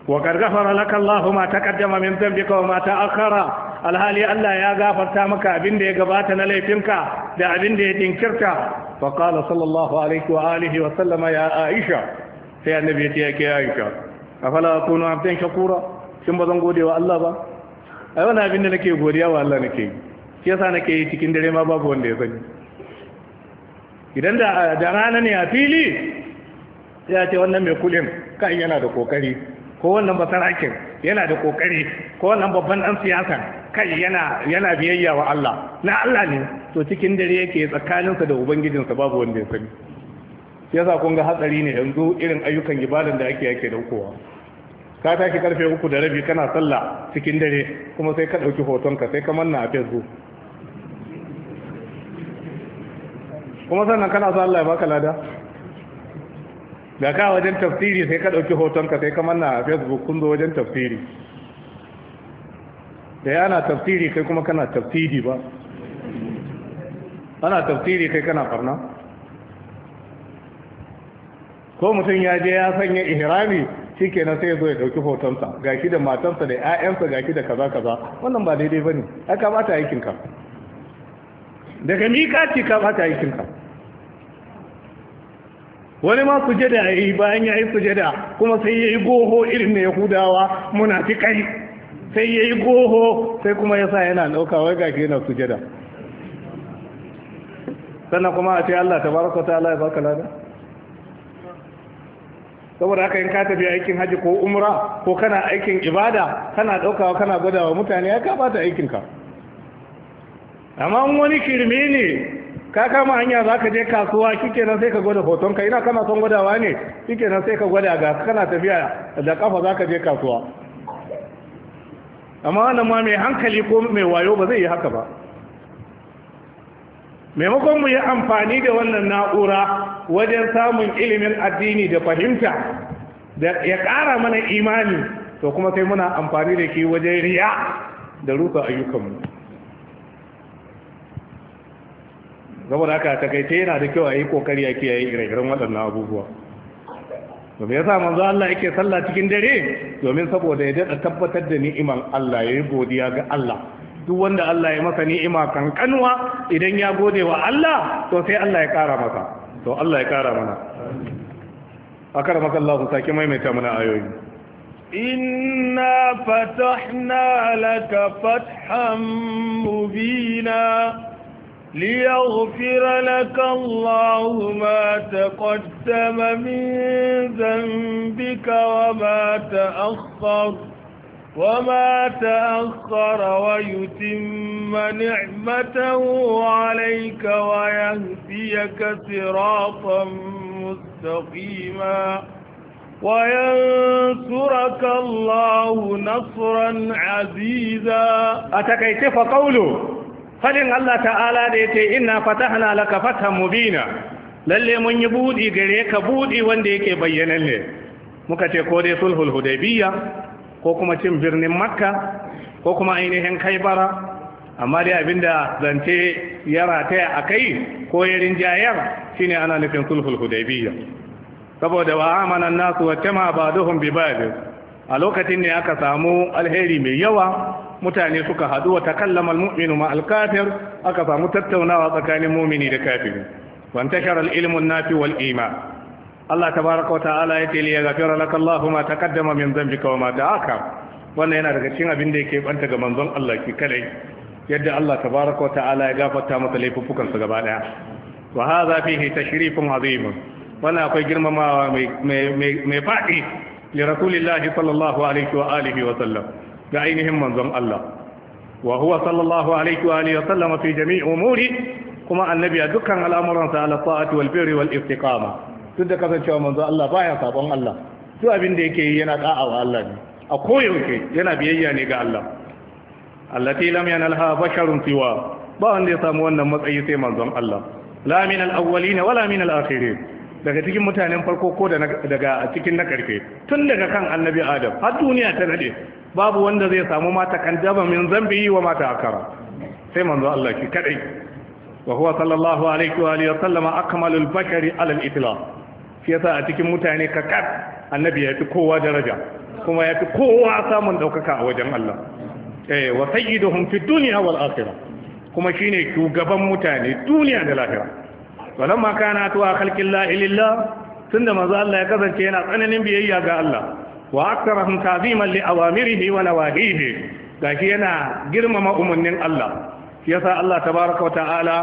wa gargafara laka Allahu ma taqaddama min dhanbika wa ma ta'akhkhara alhali Allah ya gafarta maka abin da ya gabata na laifinka da abin da ya dinkirta fa sallallahu alaihi wa alihi wa sallama ya Aisha sai annabi ya ce ya ke aisha afala kunu abdan shakura shin ba zan gode wa Allah ba ai wani abin da nake godiya wa Allah nake yi shi yasa nake yi cikin dare ma babu wanda ya sani idan da da rana ne a fili ya ce wannan mai kulin kai yana da kokari ko wannan basarakin yana da kokari ko wannan babban dan siyasa kai yana yana biyayya wa Allah na Allah ne to cikin dare yake tsakaninsa da ubangijinsa babu wanda ya sani yasa kun ga hatsari ne yanzu irin ayyukan ibadan da ake yake daukowa ka tashi karfe uku da rabi kana sallah cikin dare kuma sai ka ɗauki hotonka sai ka manna a facebook kuma sannan kana sa Allah ya baka lada ga ka wajen tafsiri sai ka ɗauki hotonka sai ka manna a facebook kun zo wajen tafsiri da yana tafsiri kai kuma kana tafsiri ba ana tafsiri kai kana farna ko mutum ya je ya sanya ihrami shikenan sai ya zo ya dauki hotonsa shi da matarsa da ƴaƴansa shi da kaza kaza wannan ba daidai bane ai ka bata aikin ka daga ce ka bata aikin ka wani ma sujada yi bayan ya yayi sujada kuma sai ya yi goho irin na Yahudawa kai sai ya yi goho sai kuma yasa yana ɗauka wai shi yana sujada sannan kuma a ce Allah ta ta allah ya baka lada saboda aka in ka tafi aikin haji ko umra ko kana aikin ibada kana daukawa kana gwadawa mutane ya ka bata aikin ka amma wani kirmi ne ka kama hanya za ka je kasuwa nan sai ka gwada hoton ka ina kana son gwadawa ne nan sai ka gwada ga kana tafiya da kafa za ka je kasuwa amma wannan ma mai hankali ko mai wayo ba zai yi haka ba maimakon mu yi amfani da wannan na'ura wajen samun ilimin addini da fahimta da ya ƙara mana imani to kuma sai muna amfani da ke wajen riya da rusa ayyukanmu saboda haka takaice yana da kyau a yi kokari a kiyaye ire-iren waɗannan abubuwa domin ya sa manzo Allah yake sallah cikin dare domin saboda ya daɗa tabbatar da ni'iman Allah ya yi godiya ga Allah duk wanda Allah ya masa ni'ima kankanwa idan ya gode wa Allah to sai Allah ya kara masa to Allah ya kara mana akaramaka Allah sake maimaita mana ayoyi inna fatahna laka fathan mubina ليغفر لك الله ما تقدم من ذنبك وما تأخر وما تأخر ويتم نعمته عليك ويهديك صراطا مستقيما وينصرك الله نصرا عزيزا أتكيت فقوله فلن الله تعالى ديتي إنا فتحنا لك فتحا مبينا للي من يبودي غريك بودي وان ديكي بينا لي مكتي قولي صلح الهديبية ko kuma cin birnin makka ko kuma ainihin kaibara amma dai abinda zance ya rataya a kai ko ya rinjayar shine ana nufin sulhul biyu. saboda wa amana nasu wa tama ba'dhum bi ba'd a lokacin ne aka samu alheri mai yawa mutane suka haɗu wa takallama muminu ma alkafir aka samu tattaunawa tsakanin mu'mini da kafiri wa intashara alilmu nafi wal iman Allah tabaraka wa ta'ala ya ce li yaghfira laka Allahu ma taqaddama min dhanbika wa ma ta'aka wannan yana daga cikin abin da yake banta ga manzon Allah ki kadai yadda Allah tabaraka wa ta'ala ya gafarta masa laifukan sa gaba daya wa hadha fihi tashrifun azim wannan akwai girmamawa mai mai mai fadi li rasulillahi sallallahu alaihi wa alihi wa sallam ga ainihin manzon Allah wa huwa sallallahu alaihi wa alihi wa sallam fi jami'i umuri kuma annabi a dukkan al'amuransa ala ta'ati wal birri wal istiqama duk da kasancewa manzo Allah baya sabon Allah duk abin da yake yi yana da'awa Allah ne a koyaushe yana biyayya ne ga Allah Allah ta yi lam yanalha basharun siwa ba wanda ya samu wannan matsayi sai manzon Allah la min al-awwalin wala min al-akhirin daga cikin mutanen farko ko daga cikin na karfe tun daga kan annabi adam har duniya ta nade babu wanda zai samu mata kanjaba min zambi wa mata akara sai manzo Allah ki kadai wa huwa sallallahu alaihi wa alihi wa sallama akmalul bashari ala al-itlaq shi yasa a cikin mutane kakar annabi ya fi kowa daraja kuma ya fi kowa samun ɗaukaka a wajen Allah eh wa sayyiduhum fi dunya wal akhirah kuma shine shugaban mutane duniya da lahira walamma kana tuwa khalqillahi lillah tunda manzo Allah ya kasance yana tsananin biyayya ga Allah wa aktarahum taziman li awamirihi wa nawahihi gashi yana girmama umarnin Allah yasa Allah tabaraka wa ta'ala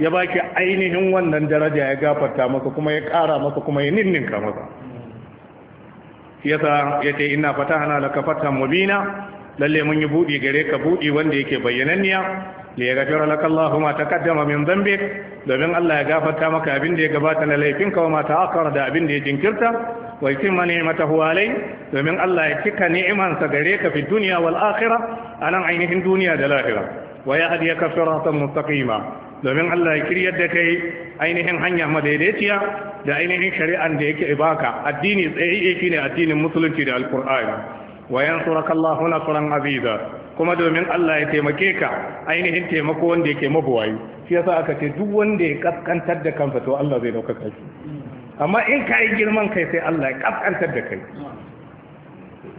ya baki ainihin wannan daraja ya gafarta maka kuma ya kara maka kuma ya ninninka maka yasa ya ce ina fata hana laka fata mubina lalle mun yi buɗi gare ka buɗi wanda yake bayyananniya da ya laka Allahu ma taqaddama min dhanbik domin Allah ya gafarta maka abin da ya gabata na laifinka wa ma ta'akkara da abin da ya jinkirta wa yutimma ni'matahu alai domin Allah ya cika ni'imansa gare ka fi duniya wal akhirah anan ainihin duniya da lahira wa yahdiyaka siratan mustaqima domin Allah ya kiryar da kai ainihin hanya madaidaiciya da ainihin shari'an da yake baka addini tsaye ne addinin musulunci da alkur'ani wa yansuraka Allahu nasran aziza kuma domin Allah ya taimake ka ainihin taimako wanda yake mabuwayi shi yasa aka ce duk wanda ya kaskantar da kansa to Allah zai dauka shi amma in kai girman kai sai Allah ya kaskantar da kai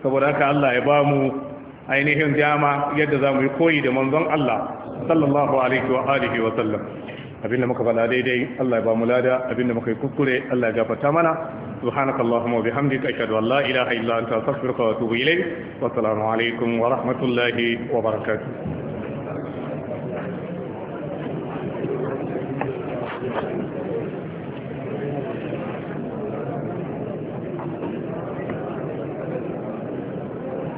saboda haka Allah ya ba mu. ainihin dama yadda za mu yi koyi da manzon Allah sallallahu alaihi wa alihi wa sallam abinda muka faɗa daidai Allah ya ba mu lada abinda muka yi kuskure Allah ya gafarta mana subhanakallahumma wa bihamdika ashhadu an la ilaha illa anta astaghfiruka wa atubu ilayk wa assalamu alaikum wa rahmatullahi wa barakatuh